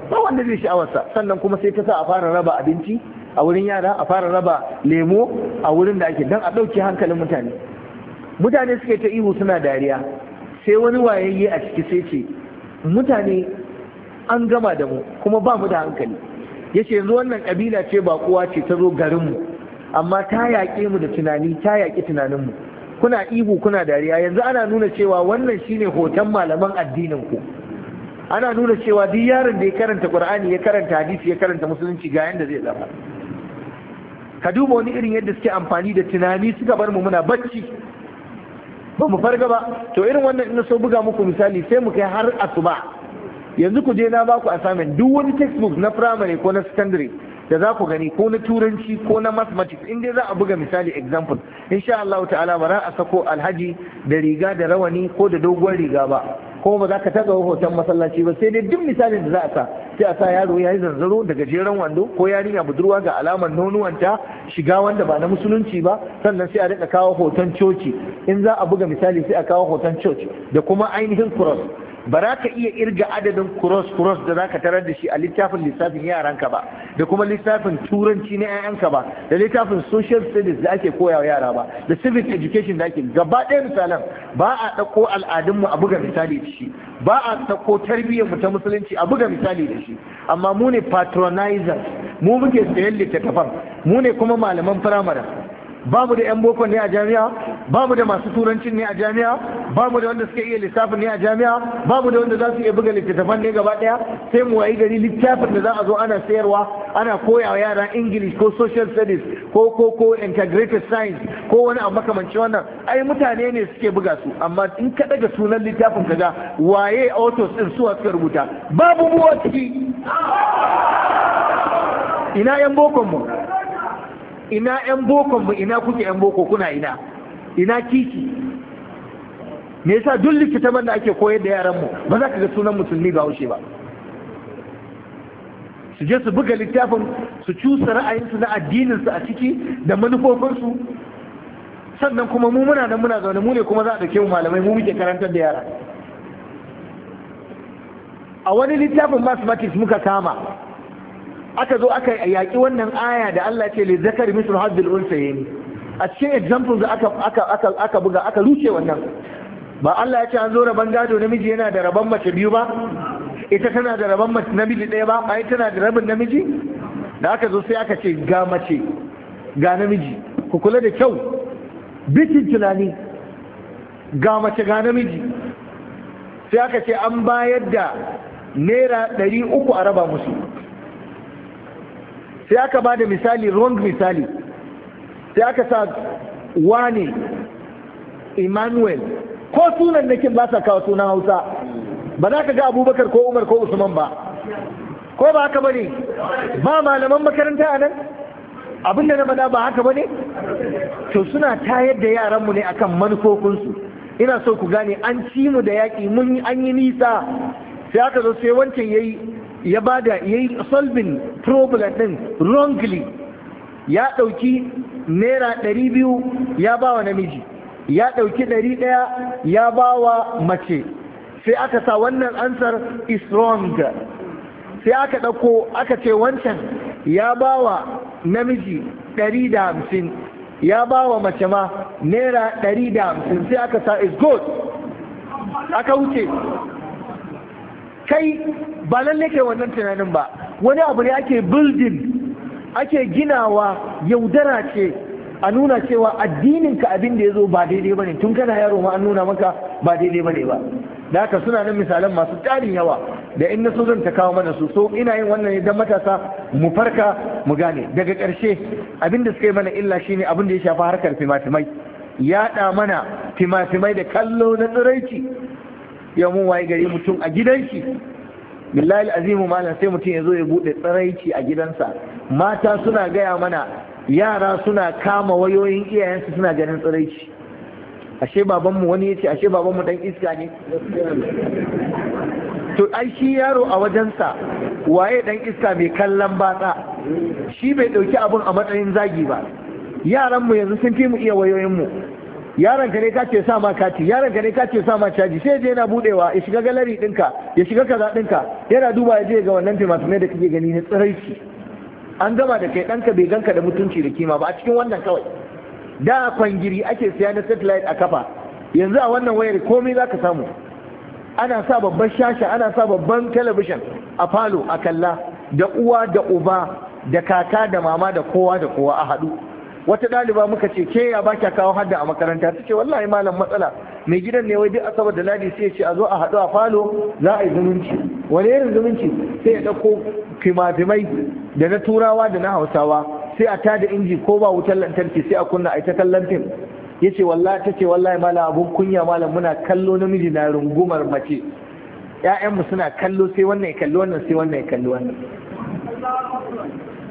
ba wanda zai sha'awarsa sannan kuma sai ta sa a fara raba abinci a wurin yara a fara raba lemo a wurin da ake don a ɗauki hankalin mutane mutane suke ta ihu suna dariya sai wani wayayye a ciki sai ce mutane an gama da mu kuma ba mu da hankali ya ce yanzu wannan ƙabila ce ba kuwa ce ta zo garinmu amma ta yaƙe mu da tunani ta yaƙi tunaninmu kuna ihu kuna dariya yanzu ana nuna cewa wannan shine hoton malaman addinin ku ana nuna cewa duk yaron da ya karanta qur'ani ya karanta hadisi ya karanta musulunci ga yanda zai zama ka duba wani irin yadda suke amfani da tunani suka bar mu muna bacci ba mu farga ba to irin wannan ina so buga muku misali sai mu kai har asuba yanzu ku je na ba ku assignment duk wani textbook na primary ko na secondary da za ku gani ko na turanci ko na mathematics in dai za a buga misali example insha Allah ta'ala ba za a sako alhaji da riga da rawani ko da doguwar riga ba ko ba za ka taɓa hoton masallaci ba sai dai duk misalin da za a sa sai a sa yaro ya yi zanzaro da gajeren wando ko yarinya budurwa ga alamar nonuwanta shiga wanda ba na musulunci ba sannan sai a rika kawo hoton coci in za a buga misali sai a kawo hoton coci da kuma ainihin cross ba za ka iya irga adadin cross-cross da za ka tarar da shi a littafin lissafin yaranka ba da kuma littafin turanci na 'ya'yanka ba da littafin social studies da ake koya wa yara ba da civic education da ake gaba ɗaya misalan ba a ɗauko al'adunmu a buga misali da shi ba a ɗauko tarbiyyarmu ta musulunci a buga misali da shi amma mu ne patronizers mu muke sayan littattafan mu ne kuma malaman firamare ba mu da 'yan boko ne a jami'a ba mu da masu turancin ne a jami'a ba mu da wanda suka iya lissafin ne a jami'a ba mu da wanda za su iya buga littattafan ne gaba ɗaya sai mu wayi gari littafin da za a zo ana sayarwa ana koya wa yara english ko social studies ko ko ko integrated science ko wani abu makamanci wannan ai mutane ne suke buga su amma in ka daga sunan littafin kaga waye autos din su suka rubuta babu mu ciki ina 'yan bokon mu ina yan bokon mu ina kuke yan boko kuna ina ina kiki me yasa duk likitaban da ake koyar da yaran mu ba za ka ga sunan musulmi ba haushe ba su je su buga littafin su cusa ra'ayinsu na addininsu a ciki da manufofinsu sannan kuma mu muna nan muna zaune mu ne kuma za a dauke mu malamai mu muke karantar da yara a wani littafin mathematics muka kama aka zo aka yaƙi wannan aya da Allah ce li zakari mislu hazzul unsayni a cikin examples aka aka aka aka buga aka ruce wannan ba Allah ya ce an zo rabon gado namiji yana da rabon mace biyu ba ita tana da rabon mace namiji ɗaya ba ai tana da rabin namiji da aka zo sai aka ce ga mace ga namiji ku kula da kyau bikin tunani ga mace ga namiji sai aka ce an bayar da naira ɗari uku a raba musu sai aka ba da misali wrong misali sai aka sa wane emmanuel ko sunan nakin ba sa kawo sunan hausa ba za ka ga abubakar ko umar ko usman ba ko ba haka bane ba malaman makaranta a nan abinda na faɗa ba haka bane to suna tayar da yaranmu ne akan manufofinsu ina so ku gane an ci mu da yaƙi mun an yi nisa sai aka zo sai wancan yayi ya ba da bada yayi solvin problem ɗin wrongly ya ɗauki naira ɗari biyu ya ba wa namiji ya ɗauki ɗari ɗaya ya ba wa mace sai aka sa wannan ansar is wrong sai aka ɗauko aka ce wancan ya ba wa namiji ɗari da hamsin ya ba wa mace ma naira ɗari da hamsin sai aka sa is good aka wuce kai ba lalle ke wannan tunanin ba wani abu ne ake building ake ginawa yaudara ce a nuna cewa addinin ka abin da ya zo ba daidai ba tun kana yaro ma an nuna maka ba daidai bane ne ba da haka suna nan misalan masu tarin yawa da in na so zan ta kawo mana su so ina yin wannan ne don matasa mu farka mu gane daga ƙarshe abin da suka yi mana illa shine abin da ya shafi harkar fimatimai yaɗa mana fimatimai da kallo na tsiraici ya mun waye gari mutum a gidan shi billahi azimu malam sai mutum ya zo ya bude tsaraici a gidansa mata suna gaya mana yara suna kama wayoyin iyayensu suna ganin tsaraici ashe babanmu wani yace ashe babanmu dan iska ne to ai shi yaro a wajensa waye dan iska mai kallon batsa shi bai dauki abun a matsayin zagi ba yaranmu yanzu sun fi mu iya wayoyinmu yaron ka ne ka ce sa kati yaron ka ne ka ce sa caji sai je yana budewa ya shiga galari dinka ya shiga kaza dinka yana duba ya je ga wannan ne da kake gani na tsiraici an gama da kai danka bai ganka da mutunci da kima ba a cikin wannan kawai da kwangiri ake siya na satellite a kafa yanzu a wannan wayar komai zaka samu ana sa babban shasha ana sa babban television a falo a kalla da uwa da uba da kaka da mama da kowa da kowa a haɗu wata ɗaliba muka ce ke ya baki a kawo hadda a makaranta ta ce wallahi malam matsala mai gidan ne wai duk asabar da ladi sai ya ce a zo a haɗu a falo za a yi zumunci wani irin zumunci sai ya ɗauko fimafimai da na turawa da na hausawa sai a tada inji ko ba wutar lantarki sai a kunna a yi ta kallon fim ya ce wallahi ta ce wallahi malam abun kunya malam muna kallo namiji na rungumar mace Ƴaƴanmu suna kallo sai wannan ya kallo wannan sai wannan ya kallo wannan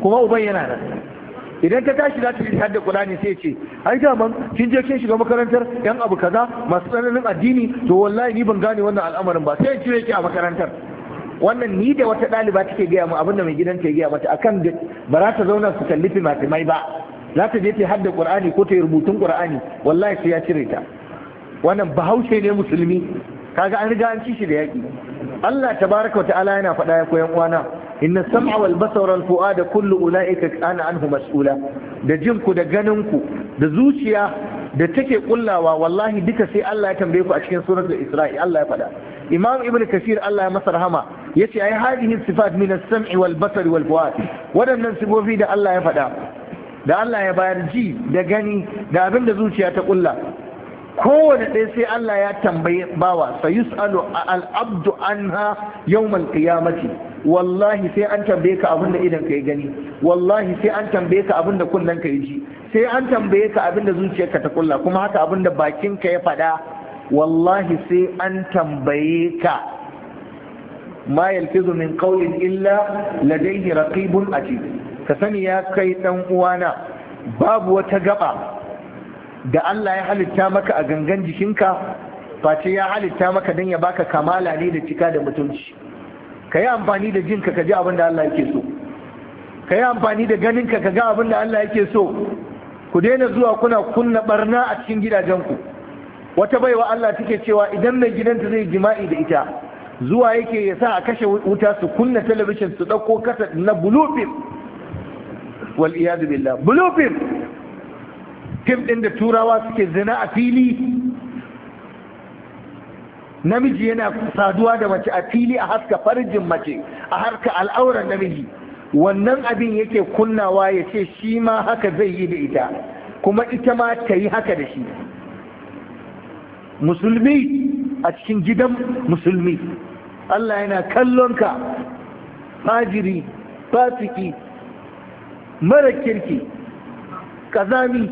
kuma uban yana nan idan ta tashi za ta yi da Qur'ani sai ce ai man kin je kin shiga makarantar yan abu kaza masu tsananin addini to wallahi ni ban gane wannan al'amarin ba sai cire ki a makarantar wannan ni da wata ɗaliba take gaya mu abinda mai gidan ke gaya mata akan ba za ta zauna su kalli mai ba za ta je ta hadda Qur'ani ko ta yi rubutun Qur'ani wallahi sai ya cire ta wannan bahaushe ne musulmi kaga an riga an ci shi da yaki. Allah tabaraka wa ta'ala yana faɗa ya koyan uwana inna sam'a wal basara wal fu'ada kullu ulaika kana anhu mas'ula da jinku da ku da zuciya da take kullawa wallahi duka sai Allah ya tambaye ku a cikin suratul Isra'i Allah ya faɗa Imam Ibn Kathir Allah ya masa rahama yace ai hadihi sifat min as-sam'i wal basari wal fu'ad waɗannan sifofi da Allah ya faɗa da Allah ya bayar ji da gani da abin da zuciya ta kulla kowane ɗaya sai Allah ya tambaye bawa sayus'alu al-abdu anha yawm qiyamati wallahi sai an tambaye ka abin da idan ka yi gani wallahi sai an tambaye ka abin da kullun ka yi ji sai an tambaye ka abin da zuciyarka ta kulla kuma haka abin da bakin ka ya faɗa wallahi sai an tambaye ka ma yalfizu min qawlin illa ladayhi raqibun atid ka sani ya kai dan uwana babu wata gaba da Allah ya halitta maka a gangan jikinka face ya halitta maka dan ya baka kamala ne da cika da mutunci ka yi amfani da jinka ka ji abin da Allah yake so ka yi amfani da ganinka ka ga abin da Allah yake so ku daina zuwa kuna kunna barna a cikin gidajenku wata baiwa Allah take cewa idan mai gidanta zai jima'i da ita zuwa yake ya sa a kashe wuta su kunna talabishin su ɗauko kasa na bulufin wal iyadu billah bulufin fim ɗin da turawa suke zina a fili namiji yana saduwa da mace a fili a haska farjin mace a harka al'auran namiji wannan abin yake kunnawa ya ce shi ma haka zai yi da ita kuma ita ma ta yi haka da shi musulmi a cikin gidan musulmi Allah yana ka fajiri fasiki mara kirki ƙazami,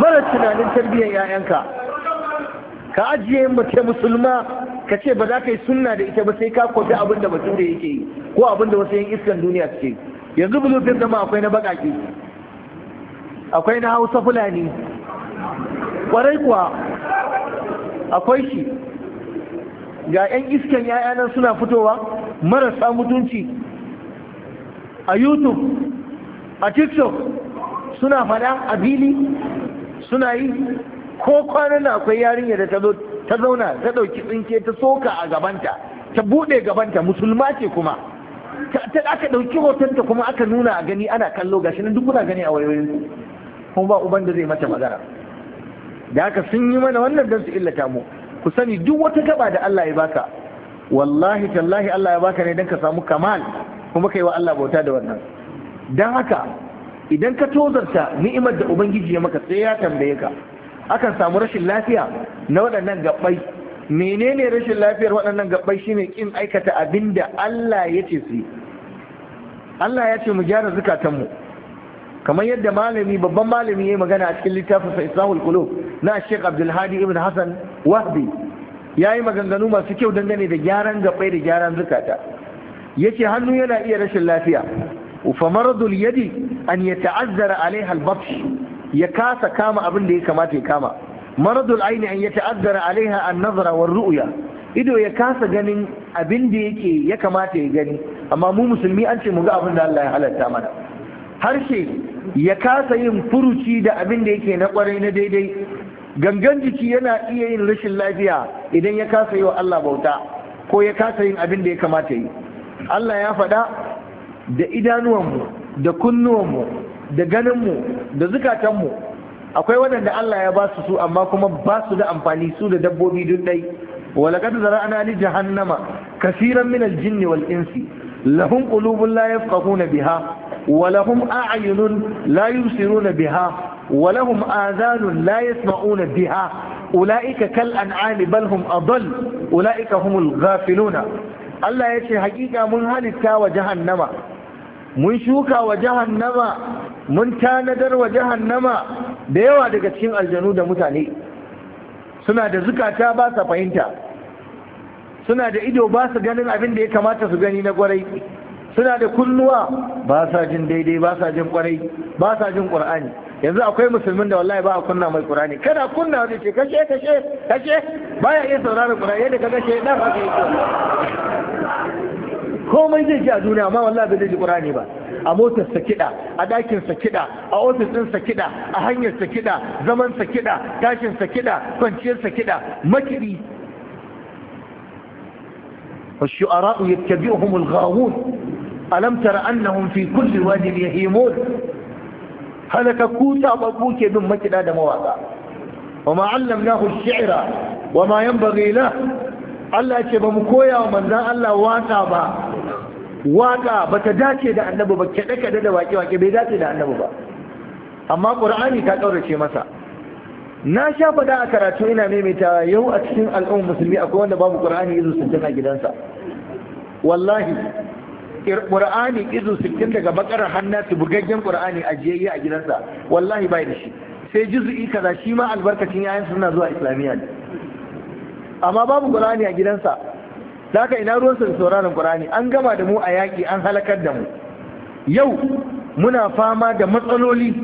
mara tunanin tarbiyyar 'ya'yanka ka ajiye mace musulma ka ce ba za ka yi sunna da ita ba sai ka kwafi abin da mutum da yake yi ko abin da wasu yin iskan duniya suke yanzu bulufin zama akwai na baƙaƙe akwai na hausa fulani ƙwarai kuwa akwai shi ga yan iskan yaya nan suna fitowa marasa mutunci a youtube a tiktok suna faɗa a bili suna yi ko kwanan akwai yarinya da ta zauna ta ɗauki tsinke ta soka a gabanta ta buɗe gabanta musulma ce kuma ta aka ɗauki hotonta kuma aka nuna a gani ana kallo gashi nan duk kuna gani a wayoyin kuma ba uban da zai mata magana da haka sun yi mana wannan don su illata mu ku sani duk wata gaba da Allah ya baka wallahi tallahi Allah ya baka ne don ka samu kamal kuma kai wa Allah bauta da wannan don haka idan ka tozarta ni'imar da ubangiji ya maka sai ya tambaye ka akan samu rashin lafiya na waɗannan gabbai menene rashin lafiyar waɗannan gabbai shine kin aikata abinda Allah ya ce su Allah ya ce mu gyara zukatanmu kamar yadda malami babban malami ya yi magana a cikin littafin sa Islahul Qulub na Sheikh Abdul Hadi ibn Hassan Wahbi ya yi maganganu masu kyau dangane da gyaran gabbai da gyaran zukata yace hannu yana iya rashin lafiya fa maradul yadi an yata'azzara alaiha al-batsh ya kasa kama abin da ya kamata ya kama maradul aini an ya ta'addara alaiha an nazara wa ru'ya ido ya kasa ganin abin da yake ya kamata ya gani amma mu musulmi an ce mu ga abin da Allah ya halatta mana harshe ya kasa yin furuci da abin da yake na kwarai na daidai gangan jiki yana iya yin rashin lafiya idan ya kasa yi wa Allah bauta ko ya kasa yin abin da ya kamata yi Allah ya faɗa da idanuwanmu da kunnuwanmu da ganinmu da zukatanmu akwai waɗanda Allah ya ba su su amma kuma ba su da amfani su da dabbobi duk dai walaqad zara'na ana jahannama kasiran min al-jinni wal insi lahum qulubun la yafqahuna biha wa lahum a'yunun la biha wa lahum adhanun la yasma'una biha ulaika kal an'ami bal hum adall ulaika humul ghafiluna Allah ya ce hakika mun halitta wa jahannama mun shuka wa jahannama mun tanadar wa jahannama da yawa daga cikin aljanu da mutane suna da zukata ba sa fahimta suna da ido ba su ganin abin da ya kamata su gani na kwarai suna da kunnuwa ba sa jin daidai ba sa jin kwarai ba sa jin qur'ani yanzu akwai musulmin da wallahi ba a kunna mai qur'ani kada kunna wani ce kashe kashe kashe baya iya sauraron qur'ani yadda kaga shedan haka yake komai zai ji a duniya amma wallahi zai ji qur'ani ba a motar sa kida, a ɗakin sa kida, a ofis ɗin sa kida, a hanyar sa kiɗa zaman sa kiɗa tashin sa kiɗa kwanciyar sa kiɗa makiri والشعراء يتبعهم الغاوون ألم تر أنهم في كل واد يهيمون هلك كوتا بابوك بن مكدا دمواقع وما علمناه الشعر وما ينبغي له Allah ce ba mu koya wa manzan Allah waka ba waka ba ta dace da annabi ba kaɗe kaɗe da waƙe-waƙe bai dace da annabi ba amma ƙur'ani ta ƙaurace masa na sha faɗa a karatu ina maimaita yau a cikin al'ummar musulmi akwai wanda babu ƙur'ani izu sittin a gidansa wallahi ƙur'ani izu sittin daga bakar hannar su bugaggen ƙur'ani jiyayya a gidansa wallahi bai da shi sai juzu'i kaza shi ma albarkacin yayan suna zuwa islamiyya ne amma babu ƙur'ani a gidansa da haka ina ruwansa da sauranin ƙurani an gama da mu a yaƙi an halakar da mu yau muna fama da matsaloli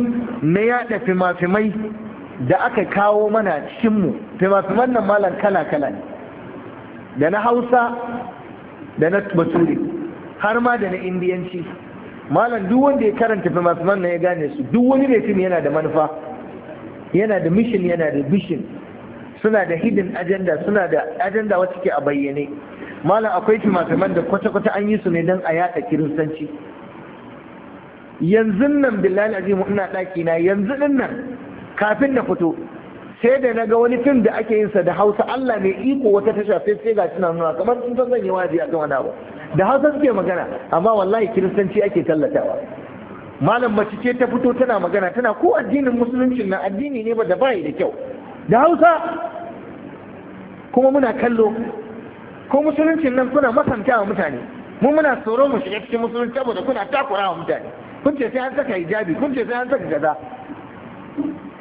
na yaɗa fimafimai da aka kawo mana cikinmu fimafiman nan malam kala-kala ne da na hausa da na bature har ma da na indiyanci malam duk wanda ya karanta fimafiman nan ya gane su duk wani mai yana da manufa yana da mishin yana da bishin suna da hidin ajanda. suna da ajanda wacce ke a bayyane malam akwai fimataman da kwata-kwata an yi su ne don a yada kiristanci yanzu nan bilal azimu ina ɗaki na yanzu din nan kafin na fito sai da na ga wani fim da ake yinsa, da hausa Allah ne iko wata tasha sai sai ga suna nuna kamar sun san zanyi wazi a kan abu da hausa suke magana amma wallahi kiristanci ake tallatawa malam mace ce ta fito tana magana tana ko addinin musulunci na addini ne ba da bai da kyau da hausa kuma muna kallo ko musuluncin nan suna masanta wa mutane mu muna tsoron mu shiga cikin musulunci saboda kuna takura wa mutane kun ce sai an saka hijabi kun ce sai an saka gaza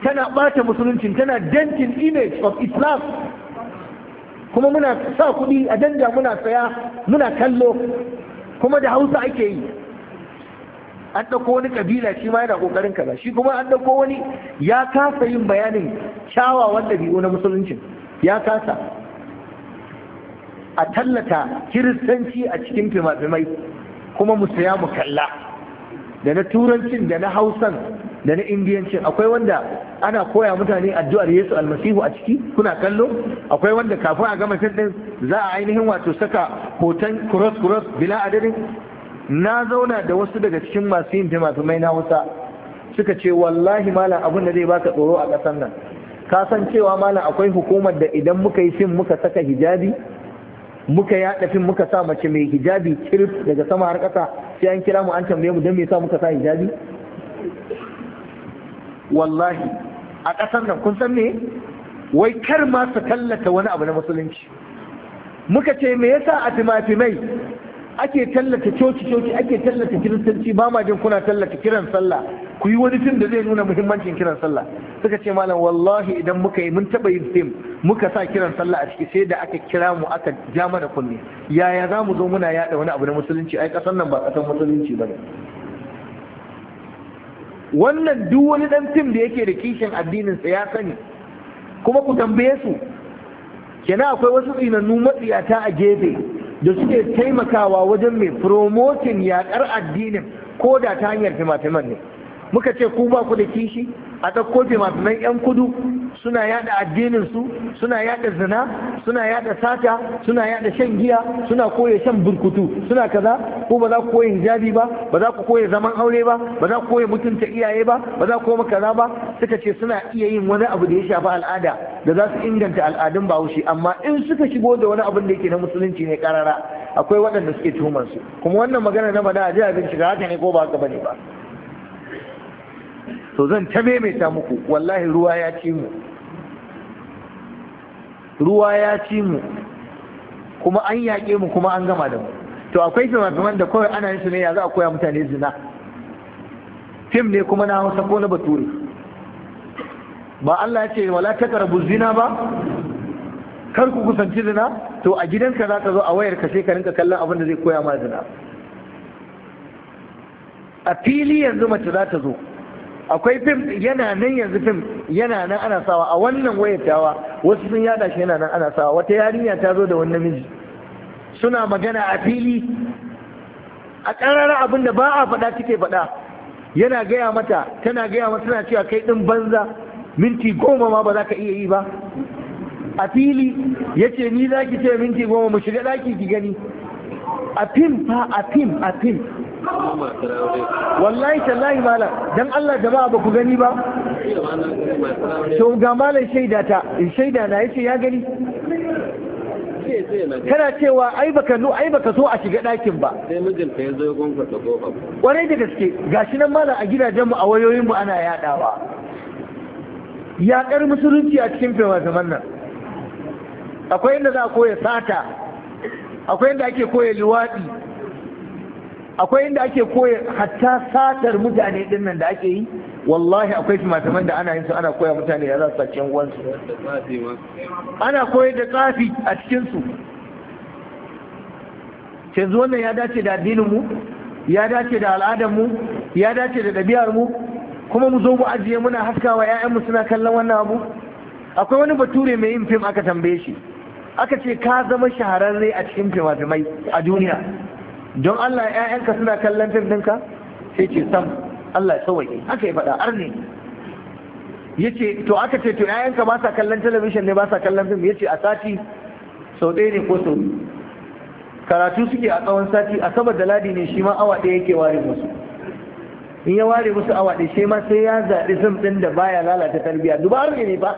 tana bata musuluncin tana dentin image of islam kuma muna sa kuɗi a danja muna saya muna kallo kuma da hausa ake yi an ɗauko wani ƙabila shi ma yana ƙoƙarin kaza shi kuma an ɗauko wani ya kasa yin bayanin kyawawan ɗabi'u na musuluncin ya kasa a tallata kiristanci a cikin fimafimai kuma mu saya mu kalla da na turancin da na hausan da na indiyancin akwai wanda ana koya mutane addu'ar yesu almasihu a ciki kuna kallo akwai wanda kafin a gama ɗin, za a ainihin wato saka hoton cross cross bila adadin na zauna da wasu daga cikin masu yin fimafimai na hausa suka ce wallahi malam abin da zai baka tsoro a ƙasar nan ka san cewa malam akwai hukumar da idan muka yi fim muka saka hijabi muka yaɗa fim muka sa mace mai hijabi kirif daga sama har ƙasa sai an kira mu an tambaye mu don me yasa muka sa hijabi wallahi a ƙasar nan kun san me wai kar ma su tallata wani abu na musulunci muka ce me yasa a fimafimai ake tallata coci coci ake tallata kiristanci ba ma jin kuna tallata kiran sallah ku yi wani fim da zai nuna muhimmancin kiran sallah suka ce malam wallahi idan muka yi mun taba yin fim muka sa kiran sallah a ciki sai da aka kira mu aka ja mana kunne yaya za mu zo muna yada wani abu na musulunci ai kasan nan ba kasan musulunci ba wannan duk wani dan fim da yake da kishin addinin sa ya sani kuma ku tambaye su kenan akwai wasu tsinannu matsiyata a gefe da suke taimakawa wajen mai promotin yaƙar addinin ko da ta hanyar fimatiman ne muka ce ku ba ku da kishi a ɗauko nan 'yan kudu suna yada addininsu suna yada zina suna yada sata suna yada shan giya suna koya shan burkutu suna kaza ko ba za ku koya hijabi ba ba za ku koya zaman aure ba ba za ku koya mutunta iyaye ba ba za ku koya kaza ba suka ce suna iya yin wani abu da ya shafi al'ada da za su inganta al'adun bahaushe amma in suka shigo da wani abu da yake na musulunci ne karara akwai waɗanda suke tuhumar su kuma wannan magana na bada a jihar bincika haka ne ko ba haka bane ba So zan ta maimaita muku wallahi ruwa ya ci mu ruwa ya ci mu kuma an yaƙe mu kuma an gama da mu to akwai fima da kawai ana yin su ne ya za a koya mutane zina fim ne kuma na hausa ko na bature ba Allah ya ce wala takarabu zina ba kar ku kusanci zina to a gidanka za ka zo a wayar ka sai ka rinka kallon abin da zai koya ma zina a fili yanzu mace za ta zo akwai fim yana nan yanzu fim yana nan ana sawa a wannan wayar tawa wasu sun yada shi yana nan ana sawa wata yarinya ta zo da wani namiji suna magana a fili a ƙarara abin da ba a faɗa take faɗa yana gaya mata tana gaya mata tana cewa kai ɗin banza minti goma ma ba za ka iya yi ba a fili ya ce ni za ki ce minti goma mu shiga ɗaki ki gani a fim fa a fim a fim wallahi tallahi malam dan Allah jama'a ba ku gani ba to ga malam shaida ta eh, shaida na yace ya gani kana cewa ai baka nu ai baka so a shiga ɗakin ba sai mijinta ya zo ya gonfata kofa kwarai da gaske gashi nan malam a gidajen mu a wayoyin mu ana yadawa yaƙar musulunci a cikin fewa zaman nan akwai inda za a koya sata akwai inda ake koya luwaɗi akwai inda ake koya hatta satar mutane din nan da ake yi wallahi akwai timataman da ana yin su ana koya mutane ya za su sake wansu ana koya da tsafi a cikinsu. yanzu wannan ya dace da addinin mu ya dace da al'adarmu, ya dace da ɗabi'armu, kuma mu zo mu ajiye muna haskawa 'ya'yanmu suna kallon wannan abu akwai wani bature mai yin fim aka tambaye shi aka ce ka zama shahararre a cikin fimafimai a duniya don Allah ‘ya'yanka suna kallon fim ɗinka sai ce sam Allah ya sauwaƙe haka ya faɗa arni ya ce to aka ce to ‘ya'yanka ba sa kallon talabishin ne ba sa kallon fim ya ce a sati sau ɗaya ne ko sau karatu suke a tsawon sati a saboda da ladi ne shi ma awa ɗaya yake ware musu in ya ware musu awa ɗaya shi ma sai ya zaɓi zan ɗin da baya lalata tarbiyya duba arni ne ba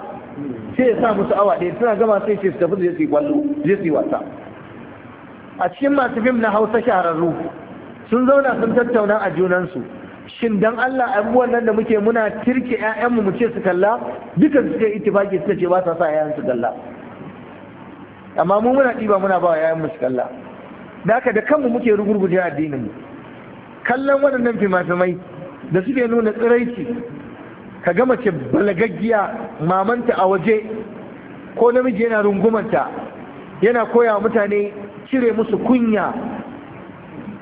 sai ya sa musu awa ɗaya suna gama sai ce su tafi su je su yi kwallo je su yi wasa a cikin masu fim na hausa shahararru sun zauna sun tattauna a junansu shin dan Allah abubuwan nan da muke muna tirke ƴaƴanmu mu ce su kalla duka su ce ittifaki suka ce ba sa sa ƴaƴan su kalla amma mu muna ɗiba muna ba ƴaƴan mu su kalla da haka da kanmu muke rugurguje addinin mu kallon waɗannan fimafimai da suke nuna tsiraici ka ga mace balagaggiya mamanta a waje ko namiji yana rungumanta yana koya mutane cire musu kunya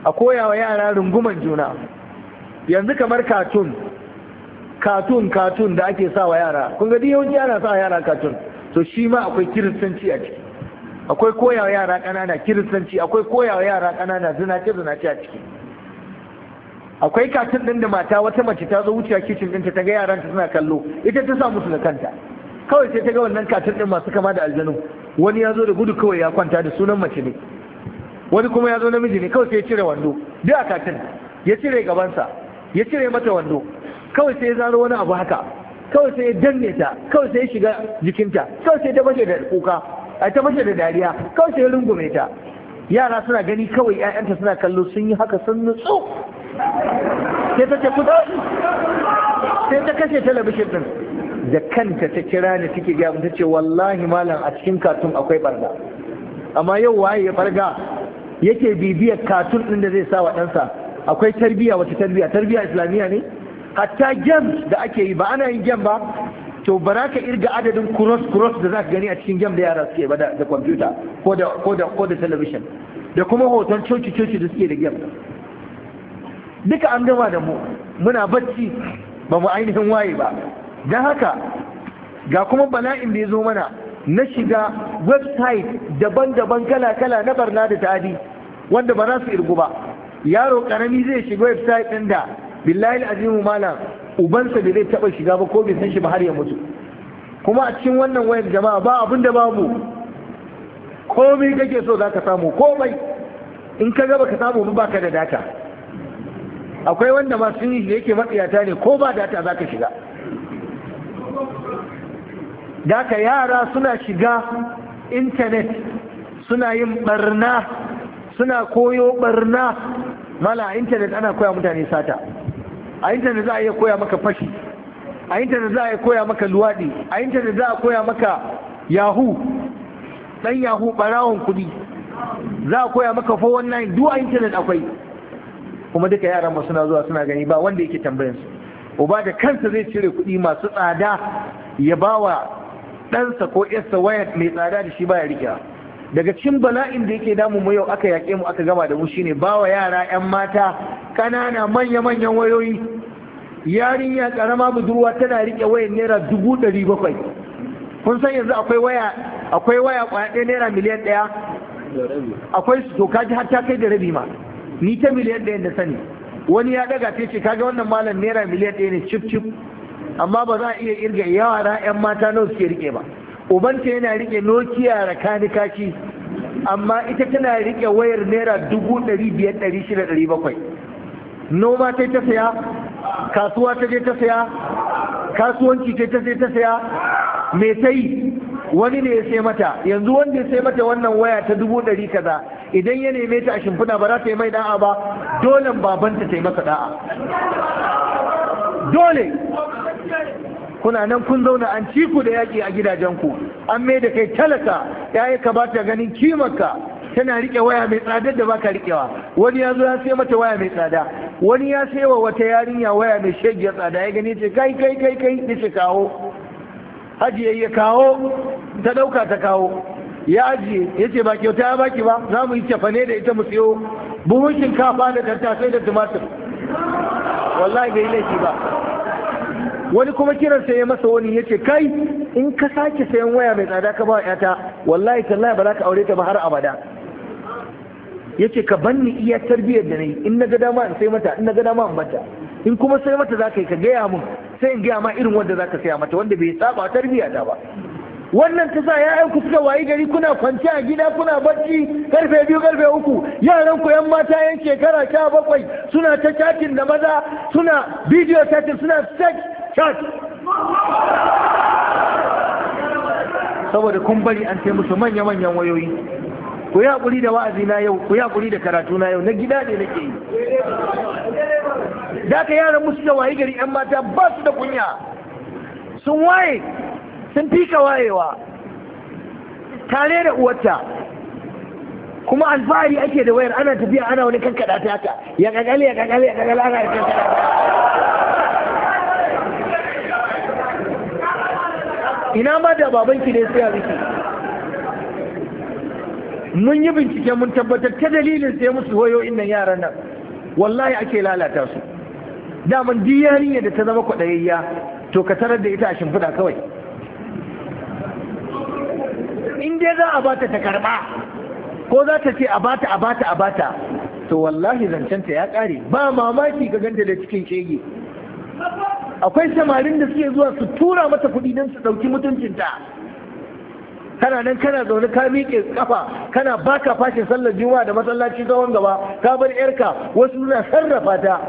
a koyawa yara runguman juna yanzu kamar katun katun katun da ake sa wa yara kun ga yawanci ana sa yara katun to shi ma akwai kiristanci a ciki akwai koyawa yara kanana kiristanci akwai koyawa yara kanana zinace zinace a ciki akwai katun din da mata wata mace ta zo wuciya kicin ɗinta ta ga yaranta suna kallo ita ta sa musu da kanta kawai sai ta ga wannan katun din masu kama da aljanu wani ya zo da gudu kawai ya kwanta da sunan mace ne wani kuma ya zo namiji ne kawai sai ya cire wando duk a katin ya cire gabansa ya cire mata wando kawai sai ya zaro wani abu haka kawai sai ya danne ta kawai sai ya shiga jikinta kawai sai ta bace da kuka a ta da dariya kawai sai ya rungume ta yara suna gani kawai 'ya'yanta suna kallo sun yi haka sun nutsu sai ta ce sai ta kashe talabishin din da kanta ta kira ni take gaya ta ce wallahi malam a cikin katun akwai barga amma yau waye ya barga yake bibiyar katun din da zai sa wa ɗansa akwai tarbiyya wata tarbiyya tarbiyya islamiyya ne hatta gem da ake yi ba ana yin gem ba to baraka ka irga adadin cross cross da za ka gani a cikin gem da yara suke ba da kwamfuta ko da ko da ko da television da kuma hoton coci coci da suke da gem duka an gama da mu muna bacci ba mu ainihin waye ba don haka ga kuma bala'in da ya zo mana na shiga website daban-daban kala-kala na barna da ta'adi wanda ba za su irgu ba yaro karami zai shiga website ɗin da billahi azimu malam ubansa da zai taba shiga ba ko bai san shi ba har ya mutu kuma a cikin wannan wayar jama'a ba abin da babu komai kake so za ka samu komai in ka gaba ka samu ba ka da data akwai wanda masu yi da yake matsiyata ne ko ba data za ka shiga daka yara suna shiga intanet suna yin barna suna koyo barna mala a intanet ana koya mutane sata a intanet za a iya koya maka fashi a intanet za a iya koya maka luwaɗi a intanet za a koya maka yahoo ɗan yahoo ɓarawon kuɗi za a koya maka 419 duk a intanet akwai kuma duka yaran suna zuwa suna gani ba wanda yake tambayansu uba da kansa zai cire kuɗi masu tsada ya bawa ɗansa ko yarsa waya mai tsada da shi baya riƙewa daga cikin bala'in da yake damu mu yau aka yaƙe mu aka gama da mu shine bawa yara 'yan mata ƙanana manya-manyan wayoyi yarinya ƙarama budurwa tana riƙe wayar naira dubu ɗari bakwai kun san yanzu akwai waya akwai waya ɗaya naira miliyan ɗaya akwai to har ta kai da rabi ma ni ta miliyan ɗaya da sani wani ya ɗaga ta ce kaga wannan malam naira miliyan ɗaya ne cif cif amma ba za a iya irga na 'yan mata nawa suke rike ba ubanta yana rike nokia da kanikaci amma ita tana rike wayar naira dubu ɗari biyar ɗari shida ɗari bakwai noma ta ta saya kasuwa ta je ta saya kasuwanci ta je ta saya me ta wani ne ya sai mata yanzu wanda ya sai mata wannan waya ta dubu ɗari kaza idan ya neme ta a shimfiɗa ba za ta yi mai da'a ba dole babanta ta yi masa da'a dole kuna nan kun zauna an ci ku da yaƙi a gidajenku an mai da kai talaka ya yi kabata ta ganin kimarka tana riƙe waya mai tsadar da baka riƙewa wani ya zo ya sai mata waya mai tsada wani ya sai wa wata yarinya waya mai shegiyar tsada ya gani ce kai kai kai kai ni kawo ajiye ya kawo ta ɗauka ta kawo ya ajiye ya ce ba kyauta ya baki ba za mu yi cefane da ita mu siyo buhun shinkafa da tattasai da tumatir wallahi bai laifi ba wani kuma kiran sai ya masa wani ya ce kai in ka sake sayan waya mai tsada ka ba yata wallahi tallahi ba za ka aure ta ba har abada ya ce ka banni iya tarbiyyar da na yi in na ga dama in sai mata in na ga dama in mata in kuma sai mata za ka yi ka gaya mun sai in gaya ma irin wanda zaka saya mata wanda bai saba tarbiya ta ba wannan ta sa ya'yan ku suka wayi gari kuna kwance a gida kuna barci karfe biyu karfe uku yaran ku yan mata yan shekara sha bakwai suna ta chatin da maza suna bidiyo chatin suna sex chat saboda kun bari an sai musu manya-manyan wayoyi ku yi haƙuri da wa'azi na yau ku yi haƙuri da karatu na yau na gida ne nake yi da yaran musu da waye gari yan mata ba su da kunya sun waye sun fika wayewa tare da uwarta kuma alfahari ake da wayar ana tafiya ana wani kankada ta haka ya kakale ya kakale ya kakale ana kankada ina ma da babanki ne sai ya rike mun yi bincike mun tabbatar ta dalilin sai musu hoyo nan yaran nan wallahi ake lalata su daman diyari ne da ta zama kwaɗayayya to ka tarar da ita a shimfiɗa kawai in dai za a bata ta karɓa ko za ta ce a bata a bata a bata to wallahi zancenta ya ƙare ba mamaki ka ganta da cikin shege akwai samarin da suke zuwa su tura mata kuɗi don su ɗauki mutuncinta kana nan kana zaune ka miƙe kafa kana baka fashin sallar juma'a da masallaci tsawon gaba ka bar yarka wasu suna sarrafa ta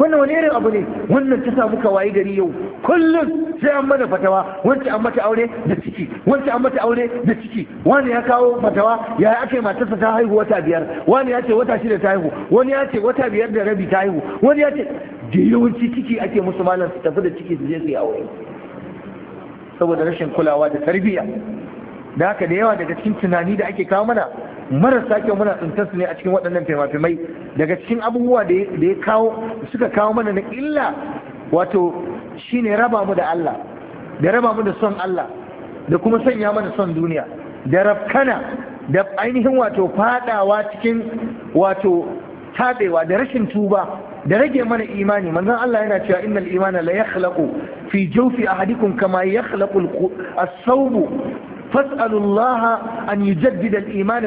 wannan wani irin abu ne wannan ta samu kawai gari yau kullum sai an mana fatawa wance an mata aure da ciki wance an mata aure da ciki wani ya kawo fatawa ya ake matarsa ta haihu wata biyar wani ya ce wata shida ta haihu wani ya ce wata biyar da rabi ta haihu wani ya ce da yawanci ciki ake musu malam su tafi da ciki su je su yi aure saboda rashin kulawa da tarbiyya da haka da yawa daga cikin tunani da ake kawo mana marasa kyau muna tsintar su ne a cikin waɗannan fimafimai daga cikin abubuwa da ya kawo suka kawo mana na illa wato shine raba mu da Allah da raba mu da son Allah da kuma sanya mana son duniya da rafkana da ainihin wato fadawa cikin wato tabewa da rashin tuba da rage mana imani manzon Allah yana cewa innal imana la yakhlaqu fi jawfi ahadikum kama yakhlaqu as-sawb fas'alullaha an jaddidal al-iman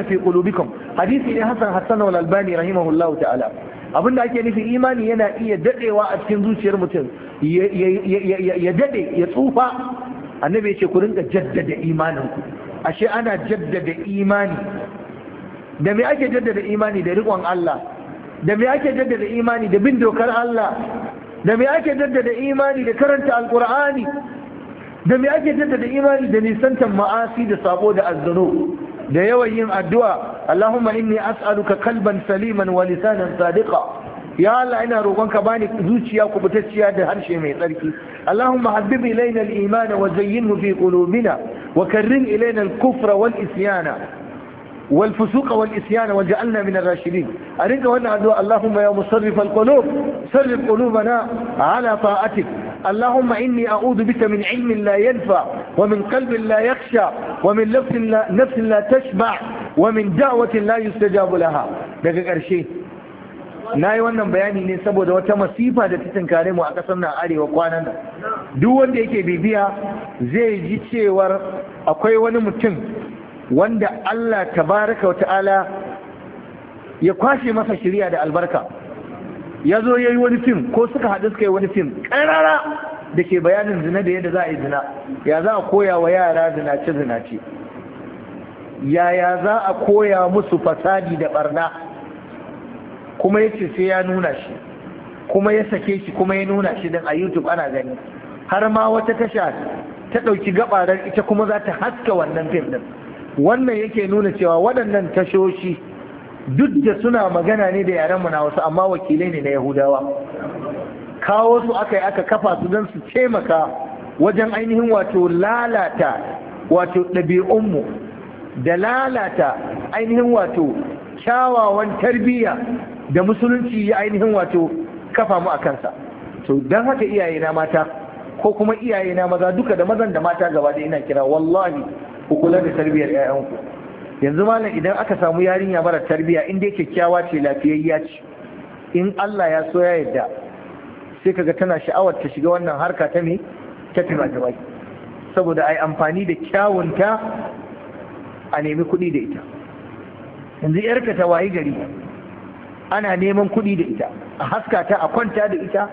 hadisi ne Hassan Hassan wal Albani rahimahullahu ta'ala da ake nufi imani yana iya dadewa a cikin zuciyar mutum ya dade ya tsufa annabi ya ce ku rinka jaddada imaninku ashe ana jaddada imani da me ake jaddada imani da riƙon Allah da me ake jaddada imani da bin dokar Allah da me ake jaddada imani da karanta alkur'ani da me ake jaddada imani da nisantar ma'asi da sabo da azzano da yawan yin addu'a Allahumma inni as'aluka kalban saliman wa lisanan sadiqa ya Allah ina roƙonka bani zuciya kubutacciya da harshe mai tsarki Allahumma habbib ilaina al-iman wa zayyinhu fi qulubina wa karrim ilaina al-kufra wal isyana والفسوق والإسيان وجعلنا من الراشدين أريد أن أدعو اللهم يا مصرف القلوب صرف قلوبنا على طاعتك اللهم إني أعوذ بك من علم لا ينفع ومن قلب لا يخشع ومن لا, نفس لا تشبع ومن دعوة لا يستجاب لها daga ƙarshe na yi wannan bayani ne saboda wata masifa da ta tunkare mu a ƙasar na arewa kwanan nan duk wanda yake bibiya zai ji cewar akwai wani mutum wanda Allah tabaraka wa ta'ala ya kwashe masa shiri'a da albarka ya zo ya yi wani fim ko suka haɗu suka yi wani fim ƙarara da ke bayanin zina da yadda za a yi zina ya za a koya wa yara zinace zinace yaya za a koya musu fasadi da barna kuma ya ce sai ya nuna shi kuma ya sake shi kuma ya nuna shi don a youtube ana gani har ma wata tasha ta ɗauki gabarar ita kuma za ta haska wannan fim ɗin. wannan yake nuna cewa waɗannan tashoshi duk da suna magana ne da yaren mu na wasu amma wakilai ne na yahudawa kawo su aka yi aka kafa su don su taimaka wajen ainihin wato lalata wato ɗabi'unmu da lalata ainihin wato kyawawan tarbiyya da musulunci ya ainihin wato kafa mu a kansa to don haka iyaye na mata ko kuma iyaye na maza duka da mazan da mata gaba da ina kira wallahi ku kula da tarbiyyar 'ya'yanku yanzu malam idan aka samu yarinya mara tarbiya in dai kyakkyawa ce lafiyayya ce in Allah ya so ya yarda sai kaga tana sha'awar ta shiga wannan harka ta me ta timatimai saboda ai amfani da kyawunta a nemi kuɗi da ita yanzu yarka ta wayi gari ana neman kuɗi da ita a haska ta a kwanta da ita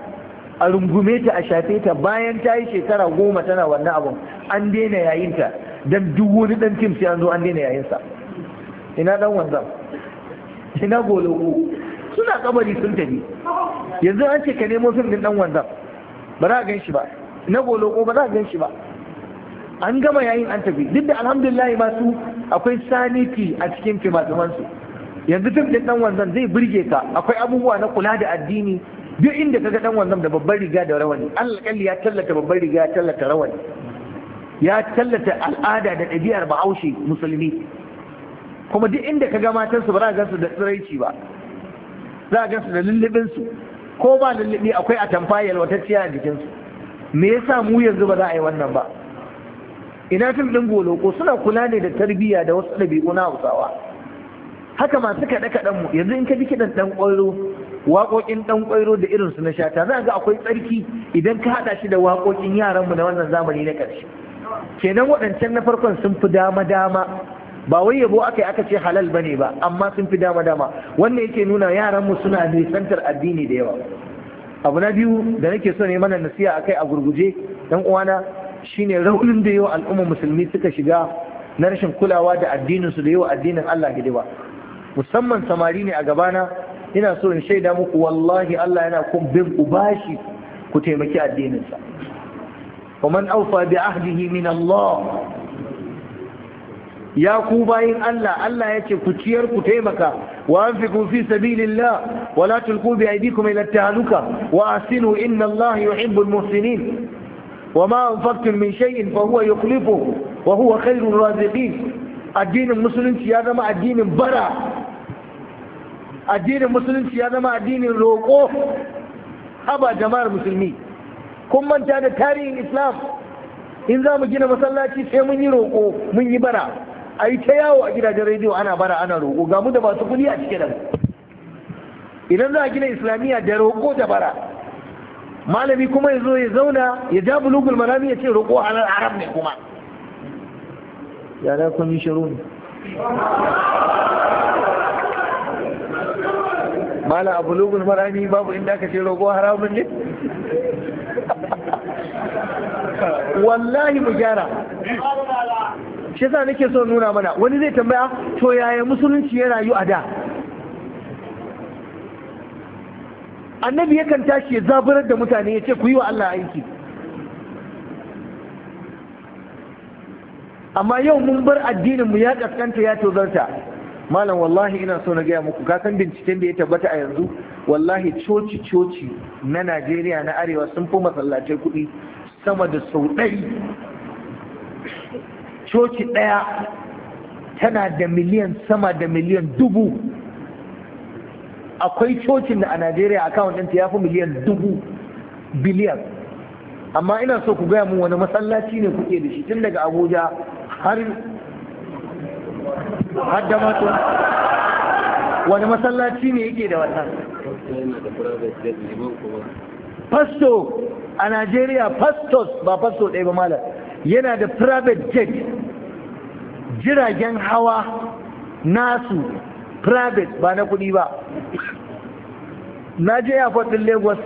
a rungume ta a shafe ta bayan ta yi shekara goma tana wannan abun an daina yayinta don duk wani ɗan tim sai an zo an daina yayinsa ina dan wanzan? ina gologo suna kabari sun tafi yanzu an ce ka nemo fim din dan wanzan. ba za a gan shi ba na gologo ba za a gan shi ba an gama yayin an tafi duk da alhamdulillah masu akwai saniti a cikin fimatumansu yanzu fim din dan wanzan zai burge ka akwai abubuwa na kula da addini duk inda kaga dan wanzan da babbar riga da rawani Allah kalli ya tallata babbar riga ya tallata rawani ya tallata al'ada da ɗabi'ar bahaushe musulmi kuma duk inda ka ga matansu ba za a gansu da tsiraici ba za a gansu da lullubinsu ko ba lullubi akwai a tamfayar yalwatacciya a jikinsu me yasa mu yanzu ba za a yi wannan ba ina fim ɗin goloko suna kula ne da tarbiyya da wasu ɗabi'u na hausawa haka masu kaɗe kaɗan mu yanzu in ka ji kiɗan ɗan ƙwairo waƙoƙin ɗan ƙwairo da irin su na shata za ga akwai tsarki idan ka haɗa shi da waƙoƙin yaranmu na wannan zamani na ƙarshe kenan waɗancan na farkon sun fi dama dama ba wai yabo aka yi aka ce halal bane ba amma sun fi dama dama wannan yake nuna yaran mu suna nisantar addini da yawa abu na biyu da nake so ne mana nasiha akai a gurguje dan uwana shine raunin da yawa al'umma musulmi suka shiga na rashin kulawa da addinin su da yawa addinin Allah ba musamman samari ne a gabana ina so in shaida muku wallahi Allah yana kun bin ubashi ku taimaki addinin sa ومن أوفى بعهده من الله ya ku bayin Allah Allah ya ce ku ciyar ku taimaka wa anfiqu fi sabilillah wa la tulqu bi aydikum ila at wa asinu inna Allah yuhibbul muhsinin wa ma anfaqtum min shay'in fa huwa yukhlifu wa huwa khairur raziqin addinin musulunci ya zama addinin bara addinin musulunci ya zama addinin roƙo haba jama'ar musulmi kun manta da tarihin islam in za mu gina masallaci sai mun yi roƙo mun yi bara a yi ta yawo a gidajen rediyo ana bara ana roƙo ga mu da masu kuli a cikin nan idan za a gina islamiyya da roƙo da bara malami kuma ya zo ya zauna ya ja bulugul marami ya ce roƙo nan arab ne kuma yara kun yi shiru ne mala a bulugul marami babu inda aka ce roƙo haramun ne [LAUGHS] wallahi mu gyara shi yasa nake so nuna mana wani zai tambaya to yaya musulunci ya rayu a da annabi yakan tashi ya zaburar da mutane ya ce ku yi wa Allah aiki amma yau mun bar addinin mu ya kaskanta ya tozarta malam wallahi ina so na gaya muku kasan binciken da ya tabbata a yanzu wallahi coci coci na Najeriya na arewa sun fi masallatai kuɗi sama da sau ɗari coci ɗaya tana da miliyan sama da miliyan dubu akwai cocin da a najeriya akawun ɗinta ya fi miliyan dubu biliyan amma ina so ku gaya mun wani masallaci ne kuke da shi tun daga abuja har har da mato wani masallaci ne yake da wannan pasto a najeriya pastos ba pasto ɗaya ba malam yana da private jet jiragen hawa nasu private ba na kudi ba na je ya faɗin lagos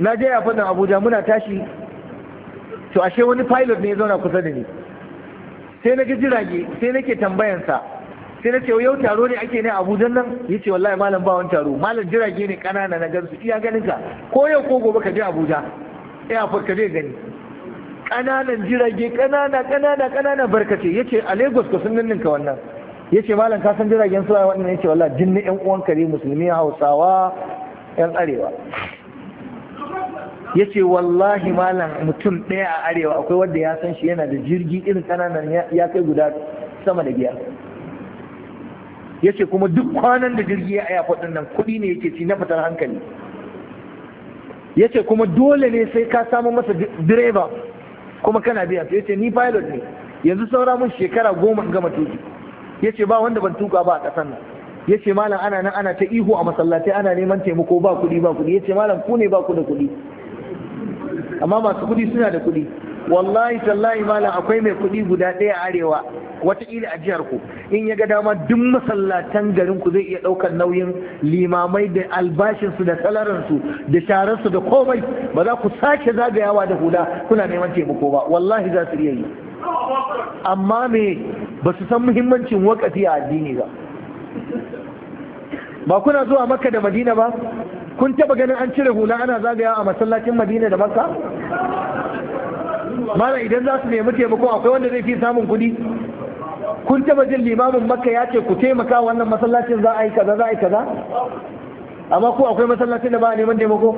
na je ya faɗin abuja muna tashi to ashe wani pilot ne ya zauna kusa da ni sai na ga jirage sai nake tambayansa sai na ce yau taro ne ake ne abuja nan ya ce wallahi malam ba wani taro malam jirage ne ƙanana na gansu iya ganin ka ko yau ko gobe ka je abuja airport ka je gani ƙananan jirage ƙanana ƙanana ƙanana barkace yace a Lagos ka sun ka wannan yace malam ka san jiragen su wannan ce wallah jinni ƴan uwan kare musulmi Hausawa ƴan arewa yace wallahi malam mutum ɗaya a arewa akwai wanda ya san shi yana da jirgi irin ƙananan ya kai guda sama da biyar yace kuma duk kwanan da jirgi ya aya faɗin nan kuɗi ne yake ci na fitar hankali yace kuma dole ne sai ka samu masa direba kuma kana biya sai ce ni pilot ne yanzu saura mun shekara goma in gama tuki ya ba wanda ban tuka ba a ƙasar nan ya malam ana nan ana ta ihu a masallatai ana neman taimako ba kuɗi ba kuɗi ya malam ku ne ba ku da kuɗi amma masu kuɗi suna da kuɗi wallahi tallahi malam akwai mai kuɗi guda ɗaya a arewa wataƙila a jihar ku in ya ga dama duk masallatan garin ku zai iya ɗaukar nauyin limamai da albashinsu da su da shararsu da komai ba za ku sake zagayawa da hula kuna neman taimako ba wallahi za su iya yi amma me ba su san muhimmancin wakati a addini ba ba kuna zuwa makka da madina ba kun taba ganin an cire hula ana zagaya a masallacin madina da makka mara idan za su nemi taimako akwai wanda zai fi samun kuɗi kun taba jin limamin makka ya ce ku taimaka wannan masallacin za a yi kaza za a yi kaza amma ko akwai masallacin da ba a neman taimako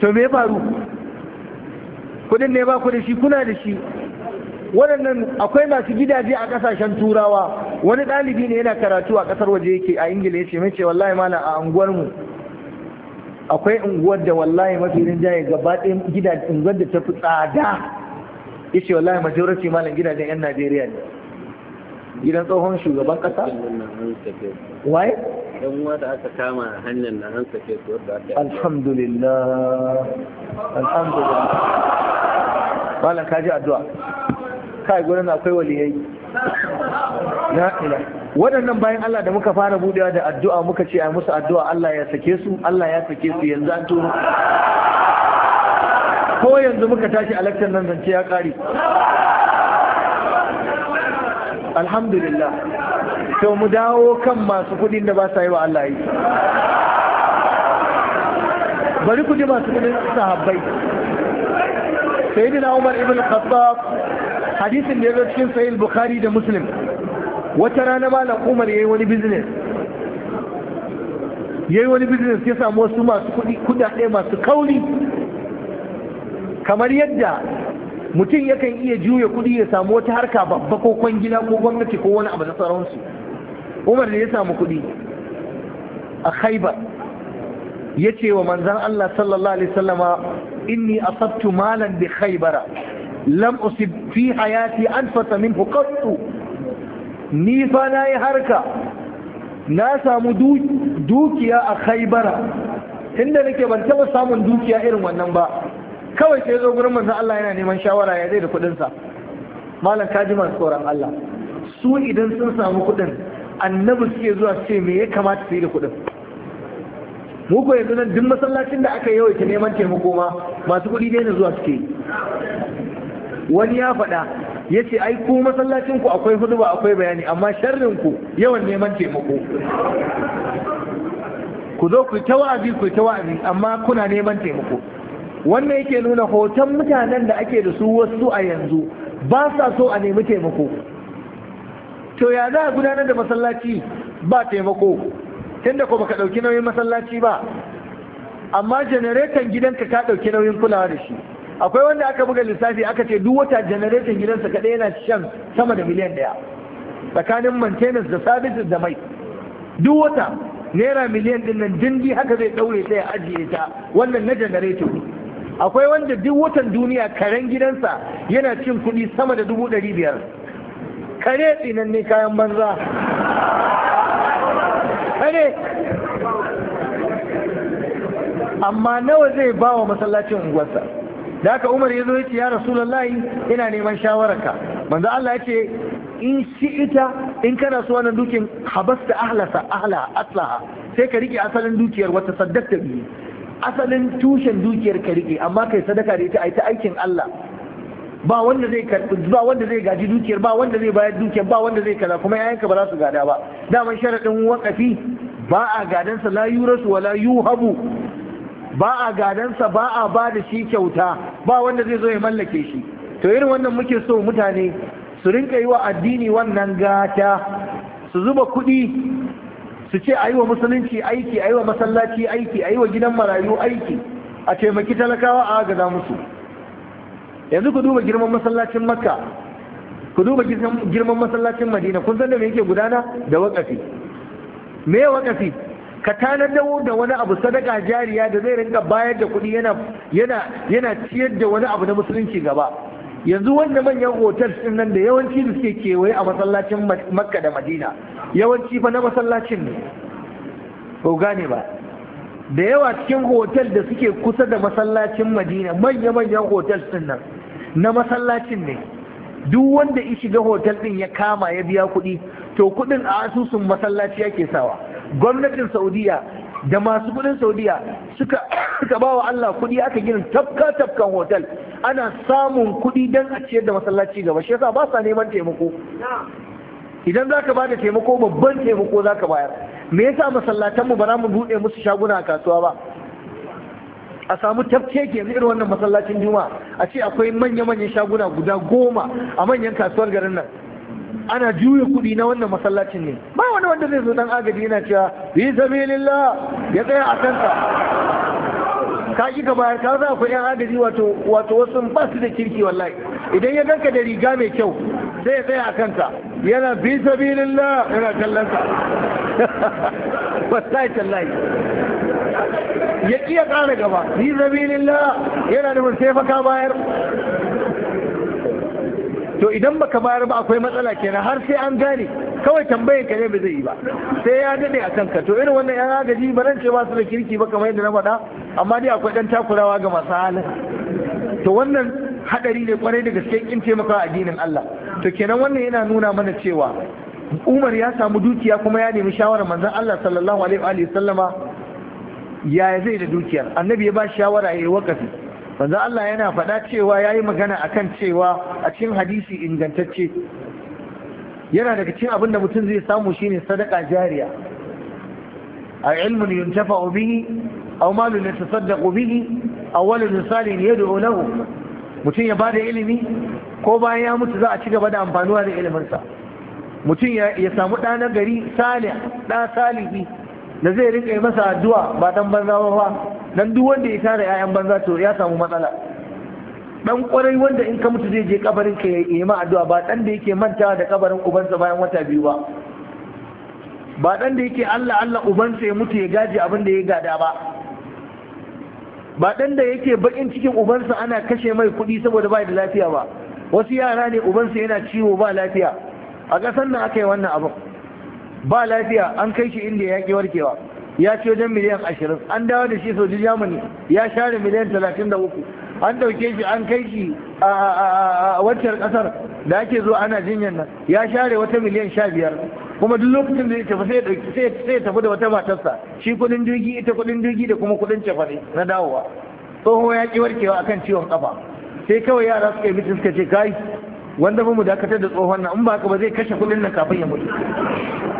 to me ya faru kudin ne ba ku da shi kuna da shi waɗannan akwai masu gidaje a ƙasashen turawa wani ɗalibi ne yana karatu a ƙasar waje yake a ingila yace mace wallahi mana a unguwarmu. mu akwai unguwar da wallahi mafi rinjaye gaba ɗaya gidaje unguwar da ta fi tsada yace wallahi majority malam gidajen yan Najeriya ne gidan tsohon shugaban kasa why? yan uwa da aka kama hanyar na hansa ke su wanda aka alhamdulillah alhamdulillah malam kaji addu'a kai na akwai waliyai na ila waɗannan bayan Allah da muka fara budewa da addu'a muka ce a musu addu'a Allah ya sake su Allah ya sake su yanzu an tuno ko yanzu muka tashi a lakcin nan zance ya ƙare alhamdulillah to mu dawo kan masu kuɗin da ba sa yi wa Allah yi bari ku ji masu kuɗin sahabbai sayyidina Umar ibn Khattab hadisin da ya zo cikin sahih Bukhari da Muslim wata rana malam Umar yayi wani business yayi wani business ya samu wasu masu kuɗi kuɗaɗe masu kauri kamar yadda mutum yakan iya juya kuɗi ya samu wata harka babba ko kwangila ko gwamnati ko wani abu na sauransu umar da ya samu kuɗi a khaibar ya ce wa manzan Allah sallallahu alaihi sallama inni asabtu malan bi khaibara lam usib fi hayati anfasa min qattu ni fa na yi harka na samu dukiya a khaibara inda nake ban taɓa samun dukiya irin wannan ba kawai sai zo gurin manzon Allah yana neman shawara ya zai da kuɗin sa malam kaji masu tsoron Allah su idan sun samu kuɗin annabi suke zuwa su ce me ya kamata su yi da kuɗin mu ko yanzu nan duk masallacin da aka yawaita neman taimako ma masu kuɗi na zuwa suke wani ya faɗa ya ce ai ku masallacin ku akwai hudu ba akwai bayani amma sharrin ku yawan neman taimako ku zo ku ta wa'azi ku ta wa'azi amma kuna neman taimako wannan yake nuna hoton mutanen da ake da su wasu a yanzu ba sa so a nemi taimako to ya za a gudanar da masallaci ba taimako tunda ko baka ɗauki nauyin masallaci ba amma janaretan gidanka ka ɗauki nauyin kulawa da shi akwai wanda aka buga lissafi aka ce duk wata janaretan gidansa kaɗai yana shan sama da miliyan ɗaya tsakanin maintenance da services da mai duk wata naira miliyan dinnan nan dindi haka zai daure ta ya ajiye ta wannan na janareto akwai wanda duk watan duniya karen gidansa yana cin kudi sama da dubu ɗari biyar kare ne kayan banza kare amma nawa zai ba wa masallacin unguwarsa da haka umar ya zo ya ce ya layi? yana neman shawararka manzo Allah ya ce in shi ita in kana so wannan dukin habasta ahlasa ahla aslaha sai ka rike asalin dukiyar wata saddaka biyu asalin tushen dukiyar ka rike amma kai sadaka da ita a ta aikin Allah ba wanda zai ba wanda zai gaji dukiyar ba wanda zai bayar dukiyar ba wanda zai kaza kuma yayanka ba za su gada ba daman sharadin wakafi ba a gadansa la yurasu wala yuhabu ba a gadansa ba a ba da shi kyauta ba wanda zai zo ya mallake shi to irin wannan muke so mutane su rinka yi wa addini wannan gata su zuba kuɗi su ce a yi wa musulunci aiki a yi wa masallaci aiki a yi wa gidan marayu aiki a taimaki talakawa a agaza musu yanzu ku duba girman masallacin makka ku duba girman masallacin madina kun san da me yake gudana da wakafi me wakafi ka tanar da wani abu sadaka jariya da zai rinka bayar da kuɗi yana yana ciyar da wani abu na musulunci gaba yanzu wanda manyan hotel din nan da yawanci da suke kewaye a masallacin makka da madina yawanci fa na masallacin ne ko gane ba da yawa cikin hotel da suke kusa da masallacin madina manya-manyan hotel din nan na masallacin ne duk wanda ya shiga hotel din ya kama ya biya kuɗi to kuɗin a asusun masallaci yake sawa gwamnatin saudiya da masu kudin saudiya suka suka ba wa Allah kudi aka gina tafka tafkan hotel ana samun kudi don a ciyar da masallaci gaba shi yasa ba sa neman taimako idan zaka ba da taimako babban taimako zaka bayar me yasa masallatanmu ba za mu buɗe musu shaguna a kasuwa ba a samu tafke ke irin wannan masallacin juma'a a ce akwai manya-manyan shaguna guda goma a manyan kasuwar garin nan ana juya kuɗi na wannan masallacin ne ba wani wanda zai zo dan agaji yana cewa bi sabilillah ya tsaya a kanka ka ki ka bayar ka za ku yan agaji wato wato wasu ba su da kirki wallahi idan ya ganka da riga mai kyau sai ya tsaya a kanka yana bi sabilillah yana kallon ka [LAUGHS] wallahi tallahi ya kiya ƙara gaba bi sabilillah yana nufin sai fa ka bayar to idan baka bayar ba akwai matsala kenan har sai an gane kawai tambayin ka ne ba zai yi ba sai ya dade a kanka to irin wannan yan agaji ba ran ce ba su da kirki ba kamar yadda na faɗa amma dai akwai dan takurawa ga masu halin to wannan hadari ne kwarai da gaske kin taimakawa addinin Allah to kenan wannan yana nuna mana cewa Umar ya samu dukiya kuma ya nemi shawarar manzon Allah sallallahu alaihi wa sallama yaya zai da dukiyar annabi ya ba shawara ya yi wakafi manzo Allah yana faɗa cewa ya yi magana a kan cewa a cikin hadisi ingantacce yana daga cikin abin da mutum zai samu shine sadaka jariya a ilmun yuntafa bihi aw malun yatasaddaqu bihi aw waladun salih yad'u lahu mutum ya bada ilimi ko bayan ya mutu za a ci gaba da amfanuwa da iliminsa mutum ya samu ɗa gari salih ɗa salihi da zai rike masa addu'a ba dan banza ba fa dan duk wanda ya tare yayan banza to ya samu matsala dan kwarai wanda in ka mutu zai je kabarin ka ya yi ma addu'a ba dan da yake mantawa da kabarin ubansa bayan wata biyu ba ba dan da yake Allah Allah ubansa ya mutu ya gaji abin da ya gada ba ba dan da yake bakin cikin ubansa ana kashe mai kuɗi saboda bai da lafiya ba wasu yara ne ubansa yana ciwo ba lafiya a ƙasar nan aka yi wannan abin ba lafiya an kai shi inda ya ki warkewa ya ci wajen miliyan ashirin an dawo da shi sojin germany ya share miliyan talatin da uku an ɗauke shi an kai shi a wancan ƙasar da ake zuwa ana jinyar nan ya share wata miliyan sha biyar kuma duk lokacin da ya tafi sai ya tafi da wata matarsa shi kudin jirgi ita kudin jirgi da kuma kudin cefane na dawowa tsoho ya ki warkewa akan ciwon kafa sai kawai yara suka yi mutu suka ce kai wanda mu dakatar da tsohon nan in ba ka ba zai kashe kudin nan kafin ya mutu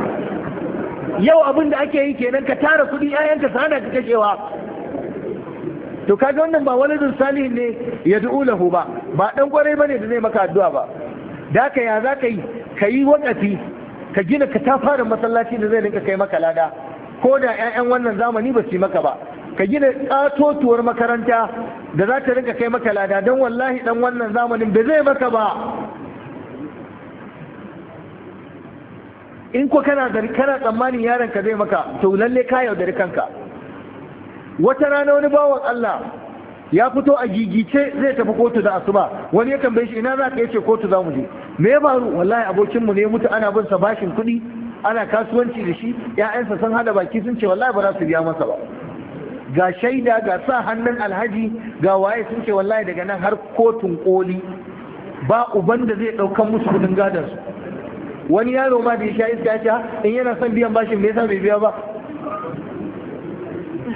yau abin da ake yi kenan ka tara kuɗi ƴaƴanka su hana ka kashewa to kaga wannan ba wani salihin ne ya du'u lahu ba ba dan kwarai bane da zai maka addu'a ba da ka ya za ka yi ka yi wakati ka gina ka tafara masallaci da zai rinka kai maka lada ko da ƴaƴan wannan zamani ba su yi maka ba ka gina ƙatotuwar makaranta da za ta rinka kai maka lada don wallahi dan wannan zamanin ba zai maka ba in ko kana kana tsammanin yaron ka zai maka to lalle ka yaudari kanka wata rana wani bawan Allah ya fito a gigice zai tafi kotu da asuba wani ya tambaye shi ina za ka yace kotu za mu je me ya faru wallahi abokin mu ne mutu ana bin sa bashin kuɗi ana kasuwanci da shi ƴaƴansa sun hada baki sun ce wallahi ba za su biya masa ba ga shaida ga sa hannun alhaji ga waye sun ce wallahi daga nan har kotun koli ba uban da zai ɗaukan musu kudin gadon su wani yaro ma da ya sha iska ya in yana son biyan bashin me yasa bai biya ba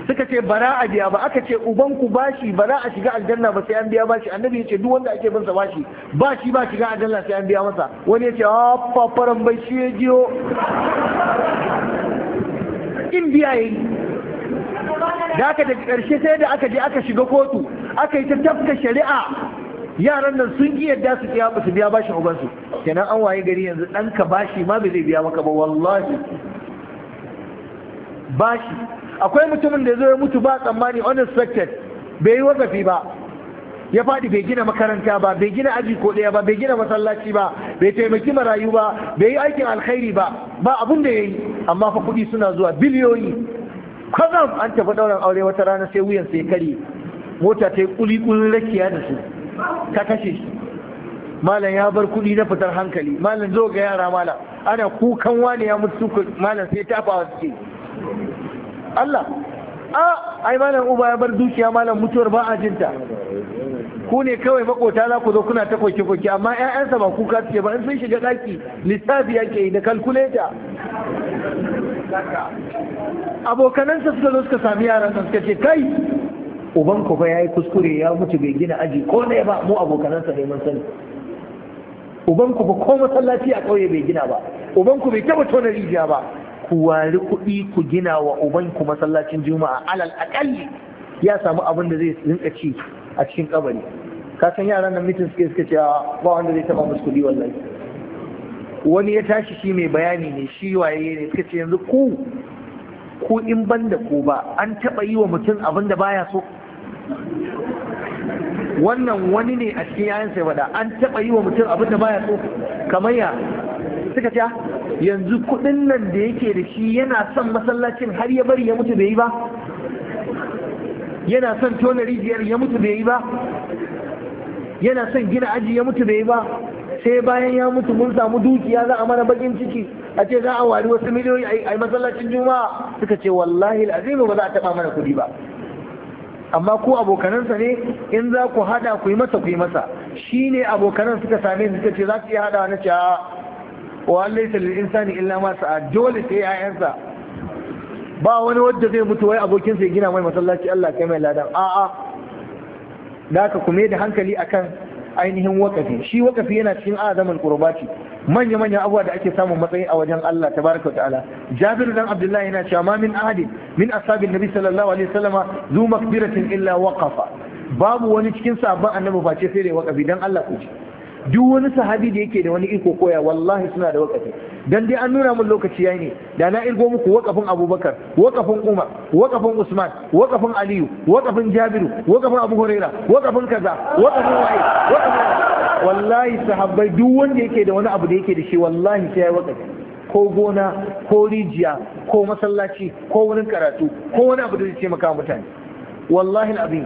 suka ce bara a biya ba aka ce uban ku bashi bara a shiga aljanna ba sai an biya bashi annabi ya ce duk wanda ake bin sa bashi bashi ba shiga aljanna sai an biya masa wani ya ce a fafaran bai shi ya jiyo in biya yayi da aka da karshe sai da aka je aka shiga kotu aka yi ta tafka shari'a yaran nan sun ki yadda su biya su biya uban ubansu kenan an waye gari yanzu danka bashi ma bai zai biya maka ba wallahi bashi akwai mutumin da zai mutu ba tsammani unexpected bai yi wazafi ba ya faɗi bai gina makaranta ba bai gina aji ko ɗaya ba bai gina masallaci ba bai taimaki marayu ba bai yi aikin alkhairi ba ba abun da ya yi amma fa kuɗi suna zuwa biliyoyi kwazam an tafi ɗaurin aure wata rana sai wuyan sai kare mota ta yi ƙuli rakiya da su ka kashe shi malam ya bar kuɗi na fitar hankali malam zo ga yara malam ana kukan wani ya mutu malam sai ta tafawa suke Allah a ai malam uba ya bar dukiya malam mutuwar ba a jinta ku ne kawai makota za ku zo kuna ta koke koke amma ƴaƴansa ba kuka suke ba in sun shiga ɗaki lissafi yake yi da kalkuleta abokanansa suka zo suka sami yaran suka ce kai uban ku fa yayi kuskure ya mutu bai gina aji ko ne ba mu abokanansa ne mun sani uban ku ko masallaci a kauye bai gina ba uban ku bai taba tona rijiya ba ku wari kuɗi ku gina wa uban ku masallacin juma'a alal akalli ya samu abin da zai rinka ci a cikin kabari ka san yaran nan mutum suke suka cewa ba wanda zai taba musu kuɗi wallahi wani ya tashi shi mai bayani ne shi waye ne suka ce yanzu ku ku in ban da ku ba an taba yi wa mutum abin da baya so wannan wani ne a cikin yayansa wada an taba yi wa mutum abin da baya so kamar ya suka ce ah, yanzu kuɗin nan da yake da shi yana son masallacin har ya bari ya mutu bai yi ba yana son tona rijiyar ya mutu bai yi ba yana son gina aji ya mutu bai yi ba sai bayan ya mutu mun samu dukiya za a mana bakin ciki a ce za a wari wasu miliyoyi a masallacin juma'a suka ce wallahi al'azimu ba za a taba mana kudi ba amma ku abokanansa ne in za ku hada ku yi masa ku yi masa shi ne abokanan suka same su suka ce za su iya hada na ce wa Allah lil insani illa ma sa'a dole sai yayansa ba wani wanda zai mutu wai abokin sai ya gina mai masallaci Allah kai mai ladan a'a da ka kume da hankali akan ainihin wakafi shi wakafi yana cikin azaman qurbati manya-manyan abuwa da ake samun matsayi a wajen Allah tabaraka wa ta'ala Jabiru dan Abdullahi yana cewa ma min ahadin min ashabin nabi sallallahu alaihi wasallama zu makbiratin illa waqafa babu wani cikin sabon annabi face sai da waqafi dan Allah ku duk wani sahabi da yake da wani iko koya wallahi suna da wakafi dan dai an nuna mun lokaci yayi ne da na irgo muku wakafin Abubakar wakafin Umar wakafin Usman wakafin Aliyu wakafin Jabiru wakafin Abu Huraira wakafin kaza wakafin waye wakafin wallahi sahabbai duk wanda yake da wani abu da yake da shi wallahi sai ya wakafi ko gona ko rijiya ko masallaci ko wani karatu ko wani abu da zai taimaka mutane wallahi al'azim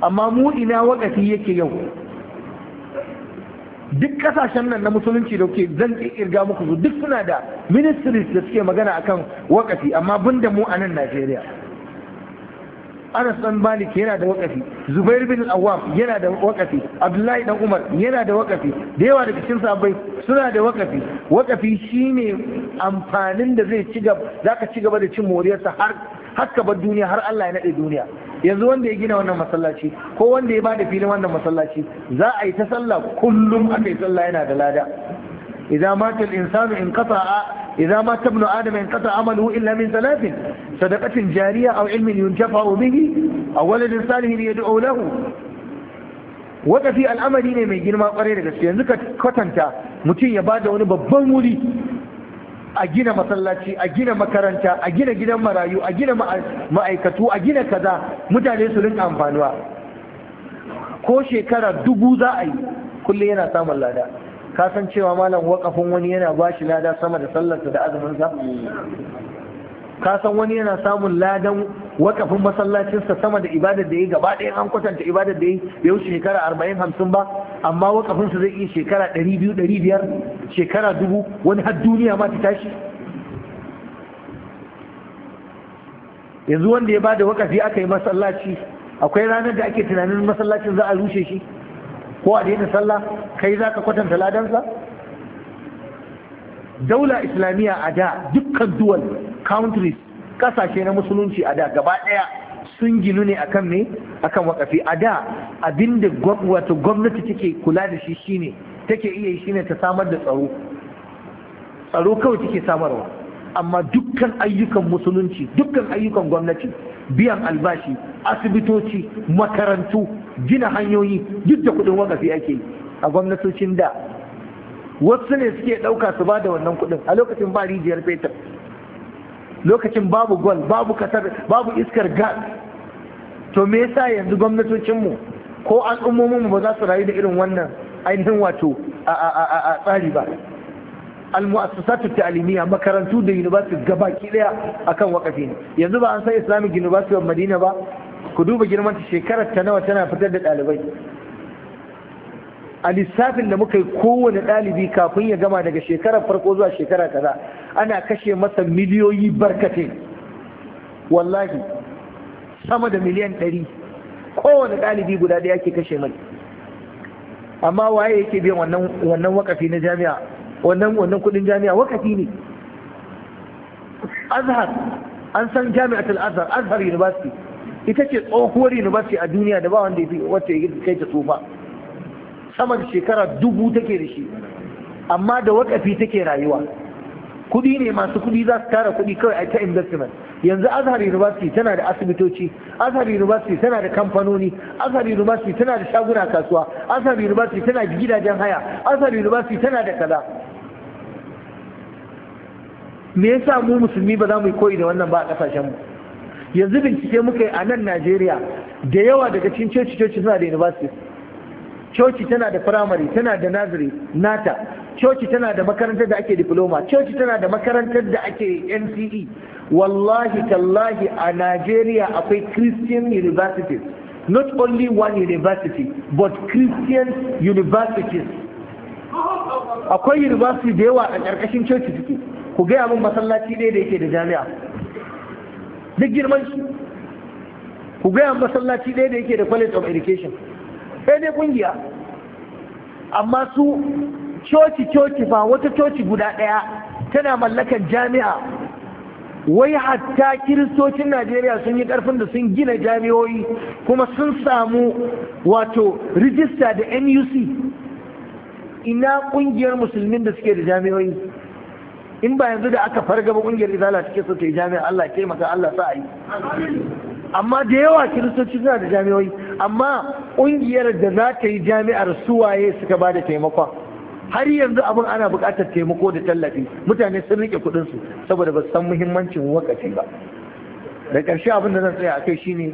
amma mu ina wakafi yake yau duk kasashen nan na musulunci da kuke zan kirga muku duk suna da ministries da suke magana akan wakati amma bunda mu a nan Najeriya anas dan malik yana da wakafi zubair bin awwam yana da wakafi abdullahi dan umar yana da wakafi da yawa daga cikin sahabbai suna da wakafi wakafi shine amfanin da zai ci gaba zaka ci gaba da cin moriyarsa har haka bar duniya har Allah ya naɗe duniya yanzu wanda ya gina wannan masallaci ko wanda ya bada filin wannan masallaci za a yi ta sallah kullum aka yi sallah yana da lada idza mata al-insanu inqata'a idza mata ibnu adam inqata'a amaluhu illa min thalathin sadaqatin jariya aw ilmin yuntafa'u bihi aw waladin salihin yad'u lahu wakafi al'amari ne mai girma kwarai daga gaske yanzu ka kwatanta mutum ya bada wani babban wuri a gina masallaci a gina makaranta a gina gidan marayu a gina ma'aikatu a gina kaza mutane su rinka amfanuwa ko shekara dubu za a yi kullum yana samun lada ka san cewa malam wakafin wani yana ba shi lada sama da sallarsa da azuminsa ka san wani yana samun ladan wakafin masallacinsa sama da ibadar da ya gaba ɗaya an kwatanta ibadar da ya yau wuce shekara arba'in hamsin ba amma wakafinsa zai iya shekara ɗari biyu ɗari biyar shekara dubu wani har duniya ma ta tashi yanzu wanda ya ba da wakafi aka yi masallaci akwai ranar da ake tunanin masallacin za a rushe shi ko a daina sallah kai za ka kwatanta ladansa daula islamiyya a da dukkan duwal countries kasashe na musulunci a da gaba daya sun ginu ne akan ne akan wakafi a da abinda wato gwamnati take kula da shi shine take iya yi shine ta samar da tsaro tsaro kawai take samarwa amma dukkan ayyukan musulunci dukkan ayyukan gwamnati biyan albashi asibitoci makarantu gina hanyoyi duk da kudin wakafi ake a gwamnatocin da wasu ne suke ɗauka su ba da wannan kudin a lokacin ba rijiyar fetur lokacin babu gwal babu kasar babu iskar gas to me yasa yanzu gwamnatocinmu ko al'ummominmu ba za su rayu da irin wannan ainihin wato a tsari ba almu'assasatu ta'limiyya makarantu da university gabaki daya akan wakafi ne yanzu ba an san islamic university of madina ba ku duba girman ta shekarar ta nawa tana fitar da ɗalibai a lissafin da muka yi kowane ɗalibi kafin ya gama daga shekarar farko zuwa shekara kaza ana kashe masa miliyoyi barkatai wallahi sama da miliyan ɗari kowane ɗalibi guda ɗaya ake kashe mai amma waye yake biyan wannan wakafi na jami'a wannan wannan kudin jami'a wakafi ne azhar an san jami'atul azhar azhar university ita ce tsohuwar university a duniya da ba wanda ya fi ya kai ta tsufa sama shekara dubu take da shi amma da wakafi take rayuwa kudi ne masu kudi za su tara kudi kawai a ta investment yanzu azhar university tana da asibitoci azhar university tana da kamfanoni azhar university tana da shaguna kasuwa azhar university tana da gidajen haya azhar university tana da kaza me yasa mu musulmi ba za mu yi koyi da wannan ba a kasashen mu yanzu bincike muka yi a nan najeriya da yawa daga cikin coci coci suna da university coci tana da firamare tana da nazari nata coci tana da makarantar da ake diploma coci tana da makarantar da ake nce wallahi tallahi a najeriya akwai christian universities not only one university but christian universities akwai university da yawa a ƙarƙashin coci ku gaya min masallaci ɗaya da yake da jami'a duk girman su ku gaya masallaci ɗaya da yake da college of education ɗaya ne kungiya amma su coci coci ba wata coci guda ɗaya tana mallakar jami'a wai hatta kiristocin najeriya sun yi karfin da sun gina jami'oi kuma sun samu wato rijista da nuc ina ƙungiyar musulmin da suke da jami'oi in ba yanzu da aka fargaba ƙungiyar izala ke so ta yi jami'a Allah ke maka Allah sa a yi amma da yawa kiristoci suna da jami'oi amma ƙungiyar da za ta yi jami'ar suwaye suka ba da taimakon har yanzu abin ana buƙatar taimako da tallafi mutane sun rike kuɗinsu saboda ba su san muhimmancin wakati ba da ƙarshe abin da zan tsaya a kai shine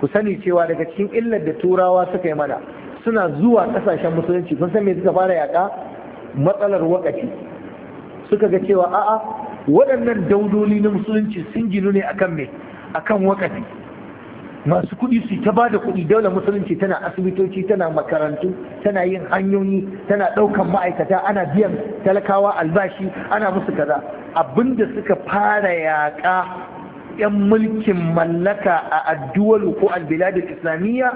ku sani cewa daga cikin illar da turawa suka yi mana suna zuwa ƙasashen musulunci kun san me suka fara yaƙa matsalar wakati suka ga cewa a'a waɗannan daudoli na musulunci sun ginu ne akan me akan wakati. masu kuɗi su ta ba da kuɗi daular musulunci tana asibitoci tana makarantu tana yin hanyoyi tana ɗaukan ma'aikata ana biyan talakawa albashi ana musu kaza abinda suka fara yaƙa 'yan mulkin mallaka a addu'alu ko albiladin islamiyya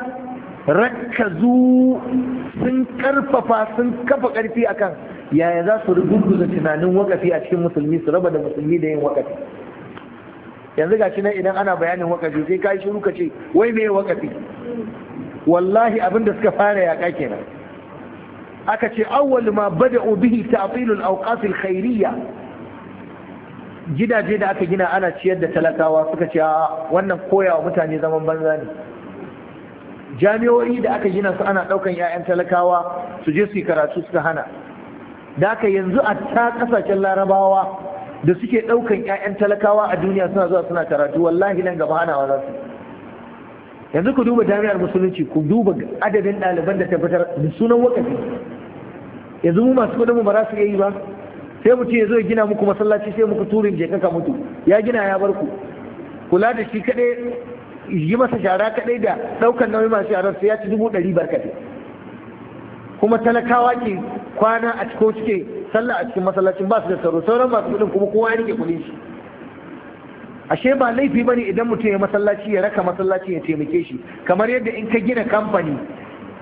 rakkazu sun karfafa sun kafa karfi akan yaya za su rugurguza tunanin wakafi a cikin musulmi su raba da musulmi da yin wakafi yanzu ga nan idan ana bayanin wakafi sai kai shiru ka ce wai me wakafi wallahi abin da suka fara yaka kenan aka ce awwal ma bada'u bihi ta'tilul awqaf al khairiyya gidaje da aka gina ana ciyar da talakawa suka ce wannan koyawa mutane zaman banza ne jami'o'i da aka gina su ana ɗaukan 'ya'yan talakawa su je su yi karatu suka hana da aka yanzu a ta kasashen larabawa da suke ɗaukan 'ya'yan talakawa a duniya suna zuwa suna karatu wallahi nan gaba hanawa za su yanzu ku duba jami'ar musulunci ku duba adadin ɗaliban da tabbatar da sunan wakafi yanzu mu masu kuɗin mu ba za su yi ba sai mutum ya zo ya gina muku masallaci sai muku turin je ka mutu ya gina ya bar ku kula da shi kaɗai yi masa shara kaɗai da ɗaukar nauyin masu shara sai ya ci dubu ɗari barkatai kuma talakawa ke kwana a cikin suke sallah a cikin masallacin ba su da tsaro sauran masu kuɗin kuma kowa ya rike kuɗin shi ashe ba laifi bane idan mutum ya masallaci ya raka masallaci ya taimake shi kamar yadda in ka gina kamfani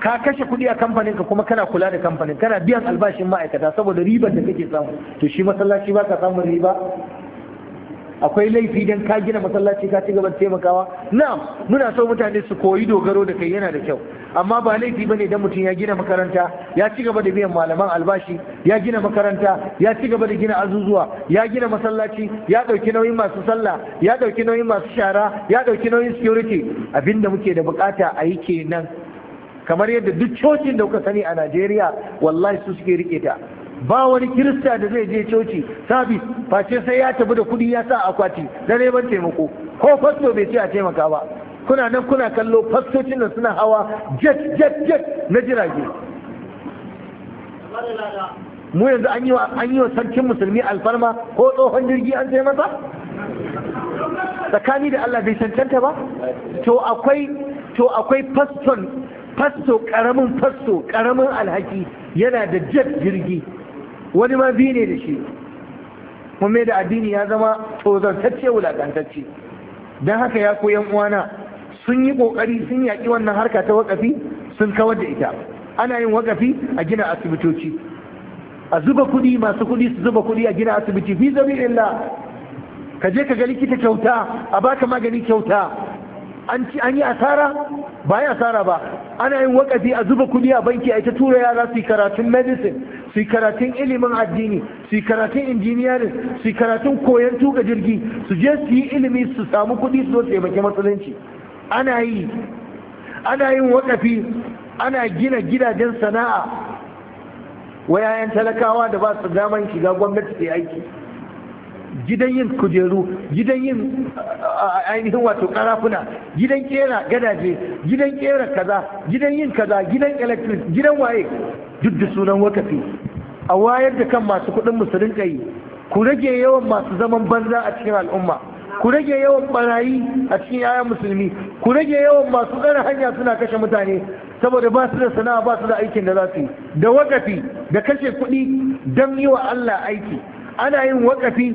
ka kashe kuɗi a kamfanin ka kuma kana kula da kamfanin kana biyan albashin ma'aikata saboda ribar da kake samu to shi masallaci ba ka samun riba akwai laifi dan ka gina masallaci ka ci gaba da taimakawa na'am muna so mutane su koyi dogaro da kai yana da kyau amma ba laifi bane dan mutum ya gina makaranta ya ci gaba da biyan malaman albashi ya gina makaranta ya ci gaba da gina azuzuwa ya gina masallaci ya dauki nauyin masu sallah ya dauki nauyin masu shara ya dauki nauyin security abinda muke da bukata a yi kenan kamar yadda duk cocin da kuka sani a Najeriya wallahi su suke rike ta ba wani kirista da zai je coci sabis face sai ya tafi da kuɗi ya sa akwati na neman taimako ko fasto bai ce a taimaka ba kuna nan kuna kallo fastocin nan suna hawa jet jet jet na jirage mu yanzu an yi wa sarkin musulmi alfarma ko tsohon jirgi an sai masa tsakani da Allah bai cancanta ba to akwai to akwai faston fasto karamin fasto karamin alhaki yana da jet jirgi wani ma ne da shi kuma da addini ya zama tozartacce wulakantacce don haka ya koyan uwana sun yi kokari sun yaƙi wannan harka ta wakafi sun kawar da ita ana yin wakafi a gina asibitoci a zuba kuɗi masu kuɗi su zuba kuɗi a gina asibiti fi zabi illa ka je ka ga likita kyauta a baka magani kyauta an ci an yi asara ba yi asara ba ana yin wakafi a zuba kudi a banki a ita tura yara su yi karatun medicine su karatun ilimin addini su yi karatun engineering su karatun koyon tuka jirgi su je su yi ilimi su samu kudi su zo taimaki matsalanci ana yi ana yin wakafi ana gina gidajen sana'a wayayen talakawa da ba su daman shiga gwamnati ta aiki gidan yin kujeru gidan yin ainihin wato karafuna gidan kera gadaje gidan kera kaza gidan yin kaza gidan electric gidan waye duk da sunan wakafi a wayar da kan masu kuɗin musulun kai ku rage yawan masu zaman banza a cikin al'umma ku rage yawan barayi a cikin yayan musulmi ku rage yawan masu tsara hanya suna kashe mutane saboda ba su da sana'a ba su da aikin da za su yi da wakafi da kashe kuɗi don yi wa Allah aiki ana yin wakafi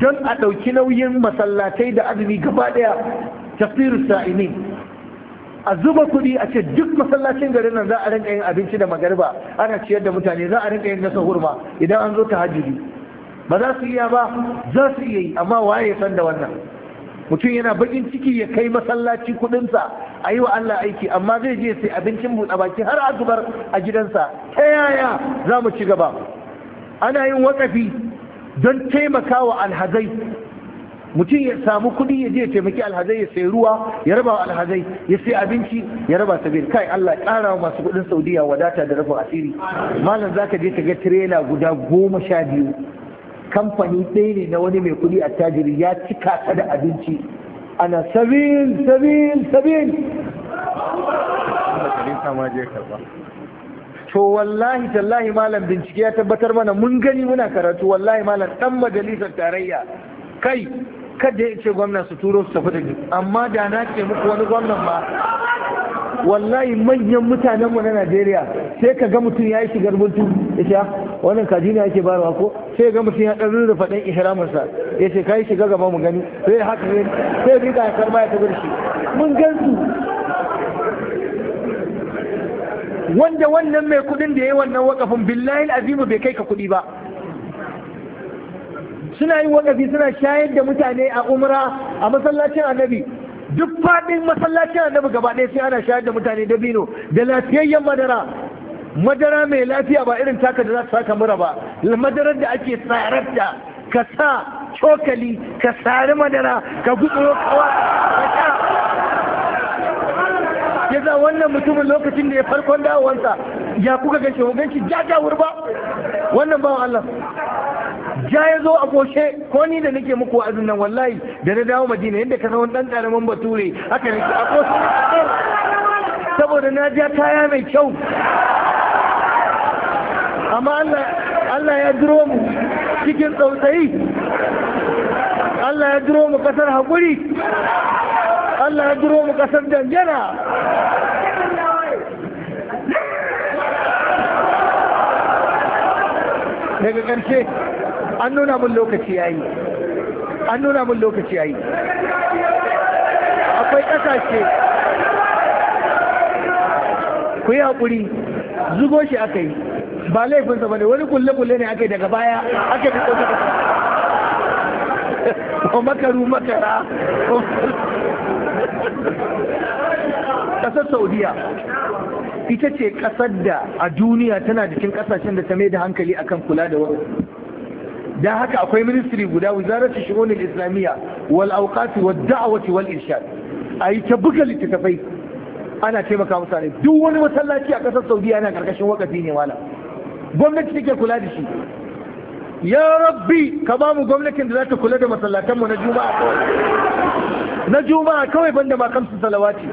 don a ɗauki nauyin masallatai da azumi gaba ɗaya tafsirus sa'imin a zuba kuɗi a ce duk masallacin garin nan za a rinka yin abinci da magariba ana ciyar da mutane za a rinka yin nasa hurma idan an zo ta hajjiri ba za su iya ba za su iya yi amma waye ya san da wannan mutum yana bakin ciki ya kai masallaci kuɗinsa a yi wa Allah aiki amma zai je sai abincin buɗa baki har a zubar a gidansa ta yaya za mu ci gaba ana yin wakafi don taimaka wa alhazai mutum ya samu kuɗi ya je ya taimaki alhazai ya sayi ruwa ya raba wa alhazai ya sayi abinci ya raba sabir kai Allah ƙara wa masu kuɗin Saudiya wadata da rabu asiri malam zaka je ka ga tirela guda goma sha biyu kamfani ɗaya ne na wani mai kuɗi tajiri ya cika ta da abinci ana sabil sabil sabil to wallahi tallahi malam bincike ya tabbatar mana mun gani muna karatu wallahi malam dan majalisar tarayya kai kada ya ce gwamna su turo su tafi da ni amma da na ce muku wani gwamnan ma wallahi manyan mutanen mu na Najeriya sai ka ga mutum ya yi shigar bultu ya ah, wannan kaji ne ake barawa ko sai ga mutum ya dan rurrufa fadan ihramin sa ya kai shiga gaba mu gani sai haka sai rika karba ya tabar shi mun gani. wanda wannan mai kudin da ya yi wannan wakafin billahi azimu bai kai ka kudi ba suna yin wakafi suna shayar da mutane a umra a masallacin annabi duk faɗin masallacin annabi gaba ɗaya sai ana shayar da mutane dabino da lafiyayyen madara madara mai lafiya ba irin taka da za su saka mura ba madarar da ake tsarar ka sa cokali ka sari madara ka gudu ka ka ya za wannan mutumin lokacin da ya farkon dawonsa, ya kuka ganshi mu shi jajawur ba wannan bawan Allah ja ya zo a goshe ko ni da nake muku wa'azin nan wallahi da na dawo madina yadda ka san dan karamin bature haka ne a goshe saboda na ja kaya mai kyau amma Allah ya duro mu cikin tsautsayi Allah ya duro mu kasar haƙuri Allah ya duro mu kasar dangana daga ƙarshe an nuna mun lokaci yayi an nuna mun lokaci yayi akwai ƙasashe ku yi haƙuri zugo shi aka yi ba laifinsa ba ne wani kulle-kulle ne aka yi daga baya aka yi wa makaru makara ƙasar saudiya ita ce ƙasar da a duniya tana cikin ƙasashen da ta mai da hankali akan kula da wasu da haka akwai ministry guda wizaratu shughulul islamiyya wal awqati wad da'wati wal irshad ayi ta buga littattafai ana taimaka mutane duk wani masallaci a ƙasar saudiya yana karkashin wakafi ne wala gwamnati take kula da shi ya rabbi ka ba mu gwamnatin da za ta kula da masallatanmu na juma'a na juma'a kawai banda ma kamsu salawati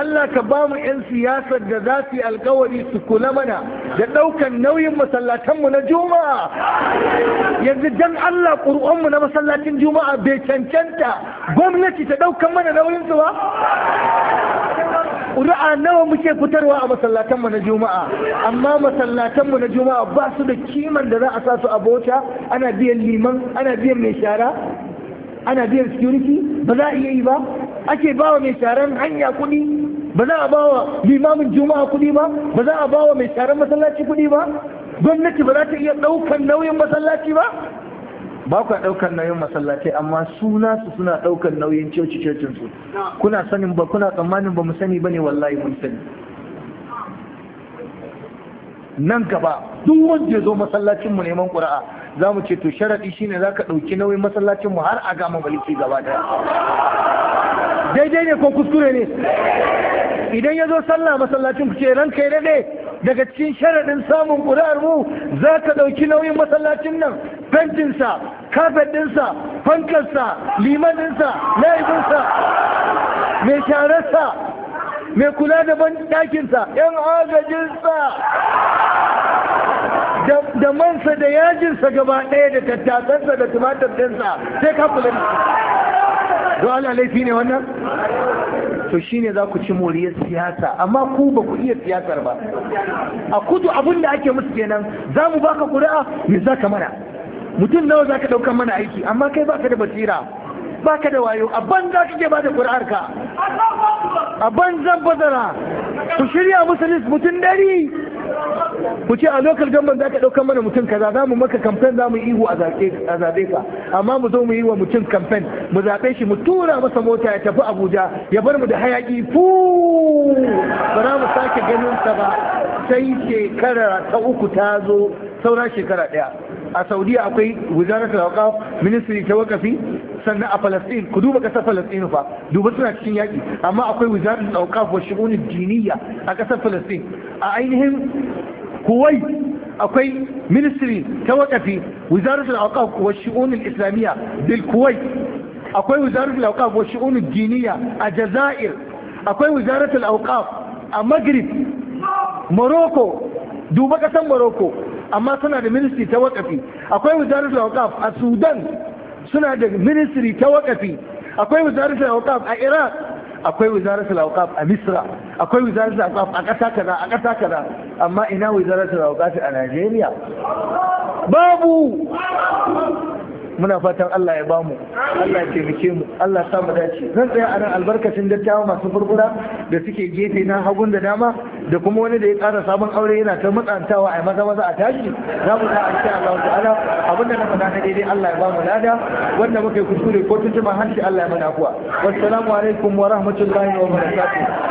Allah ka ba mu 'yan siyasar da za su yi alkawari su kula mana da ɗaukan nauyin masallatanmu na juma'a yanzu dan Allah ƙuri'unmu na masallacin juma'a bai cancanta gwamnati ta ɗaukan mana nauyinsu ba ƙuri'a nawa muke fitarwa a masallatanmu na juma'a amma masallatanmu na juma'a ba su da kiman da za a sa su a mota ana biyan liman ana biyan mai shara ana biyan security ba za a iya yi ba ake bawa mai sharan hanya kuɗi ba za a bawa limamin juma'a kuɗi ba ba za a bawa mai sharan masallaci kuɗi ba gwamnati ba za ta iya ɗaukar nauyin masallaci ba ba ku ɗaukar nauyin masallaci amma suna su suna ɗaukar nauyin coci cocinsu kuna sanin ba kuna tsammanin ba mu sani ba ne wallahi mun sani nan gaba duk wanda ya zo masallacin mu neman ƙura'a za mu ce to sharaɗi shine za ka ɗauki nauyin masallacin mu har a gama mulki gaba ɗaya daidai ne ko kuskure ne idan ya zo sallah masallacin ku ce ranka ya daga cikin sharaɗin samun ƙuri'ar mu za ka ɗauki nauyin masallacin nan fentinsa kafet ɗinsa fankarsa liman ɗinsa mai shararsa mai kula da ban ɗakinsa yan agajinsa da mansa da yajinsa gaba ɗaya da tattasansa da tumatar ɗinsa sai ka kula da don ala laifi ne wannan to shine za ku ci moriyar siyasa amma ku ba ku iya siyasar ba a kudu abin da ake musu kenan za mu baka ƙuri'a me za ka mana mutum nawa za ka ɗaukar mana aiki amma kai ba ka da basira baka da wayo a banza kake ba da ƙuri'arka a banzan bazara ku shirya musu list mutum dari ku ce a lokal gamban za ka ɗaukar mana mutum kaza za mu maka kamfen za mu yi ihu a zaɓe ka amma mu zo mu yi wa mutum kamfen mu zaɓe shi mu tura masa mota ya tafi abuja ya bar mu da hayaƙi fu ba za mu sake ganin sa ba sai shekara ta uku ta zo saura shekara ɗaya, a saudiya akwai wizaratul awqaf ministry ta wakafi sannan a falastin ku duba ƙasar falastin fa duba suna cikin yaƙi. amma akwai wizaratul awqaf wa shu'un diniya a ƙasar falastin a ainihin Kuwai akwai ministry ta wakafi wizaratul awqaf wa shu'un islamiyya bil kuwait akwai wizaratul awqaf wa shu'un diniya a jazair akwai wizaratul awqaf a maghrib morocco duba kasar morocco amma suna da ministry ta wakafi akwai wazarar wakaf a sudan suna da ministry ta wakafi akwai da wakaf a iraq akwai da wakaf a misra akwai da wakaf a kasa kaza a kasa kaza amma ina da wakaf a najeriya babu muna fatan Allah ya bamu Allah ya taimake mu Allah sa mu dace zan tsaya a nan albarkacin dattawa masu furfura da suke gefe na hagun da dama da kuma wani da ya tsara sabon aure yana ta matsantawa a maza maza a tashi za mu sa insha Allah ta'ala abinda na faɗa na daidai Allah ya bamu lada wanda muka yi kuskure ko tuntuma hanci Allah ya mana kuwa wassalamu alaikum wa rahmatullahi wa barakatuh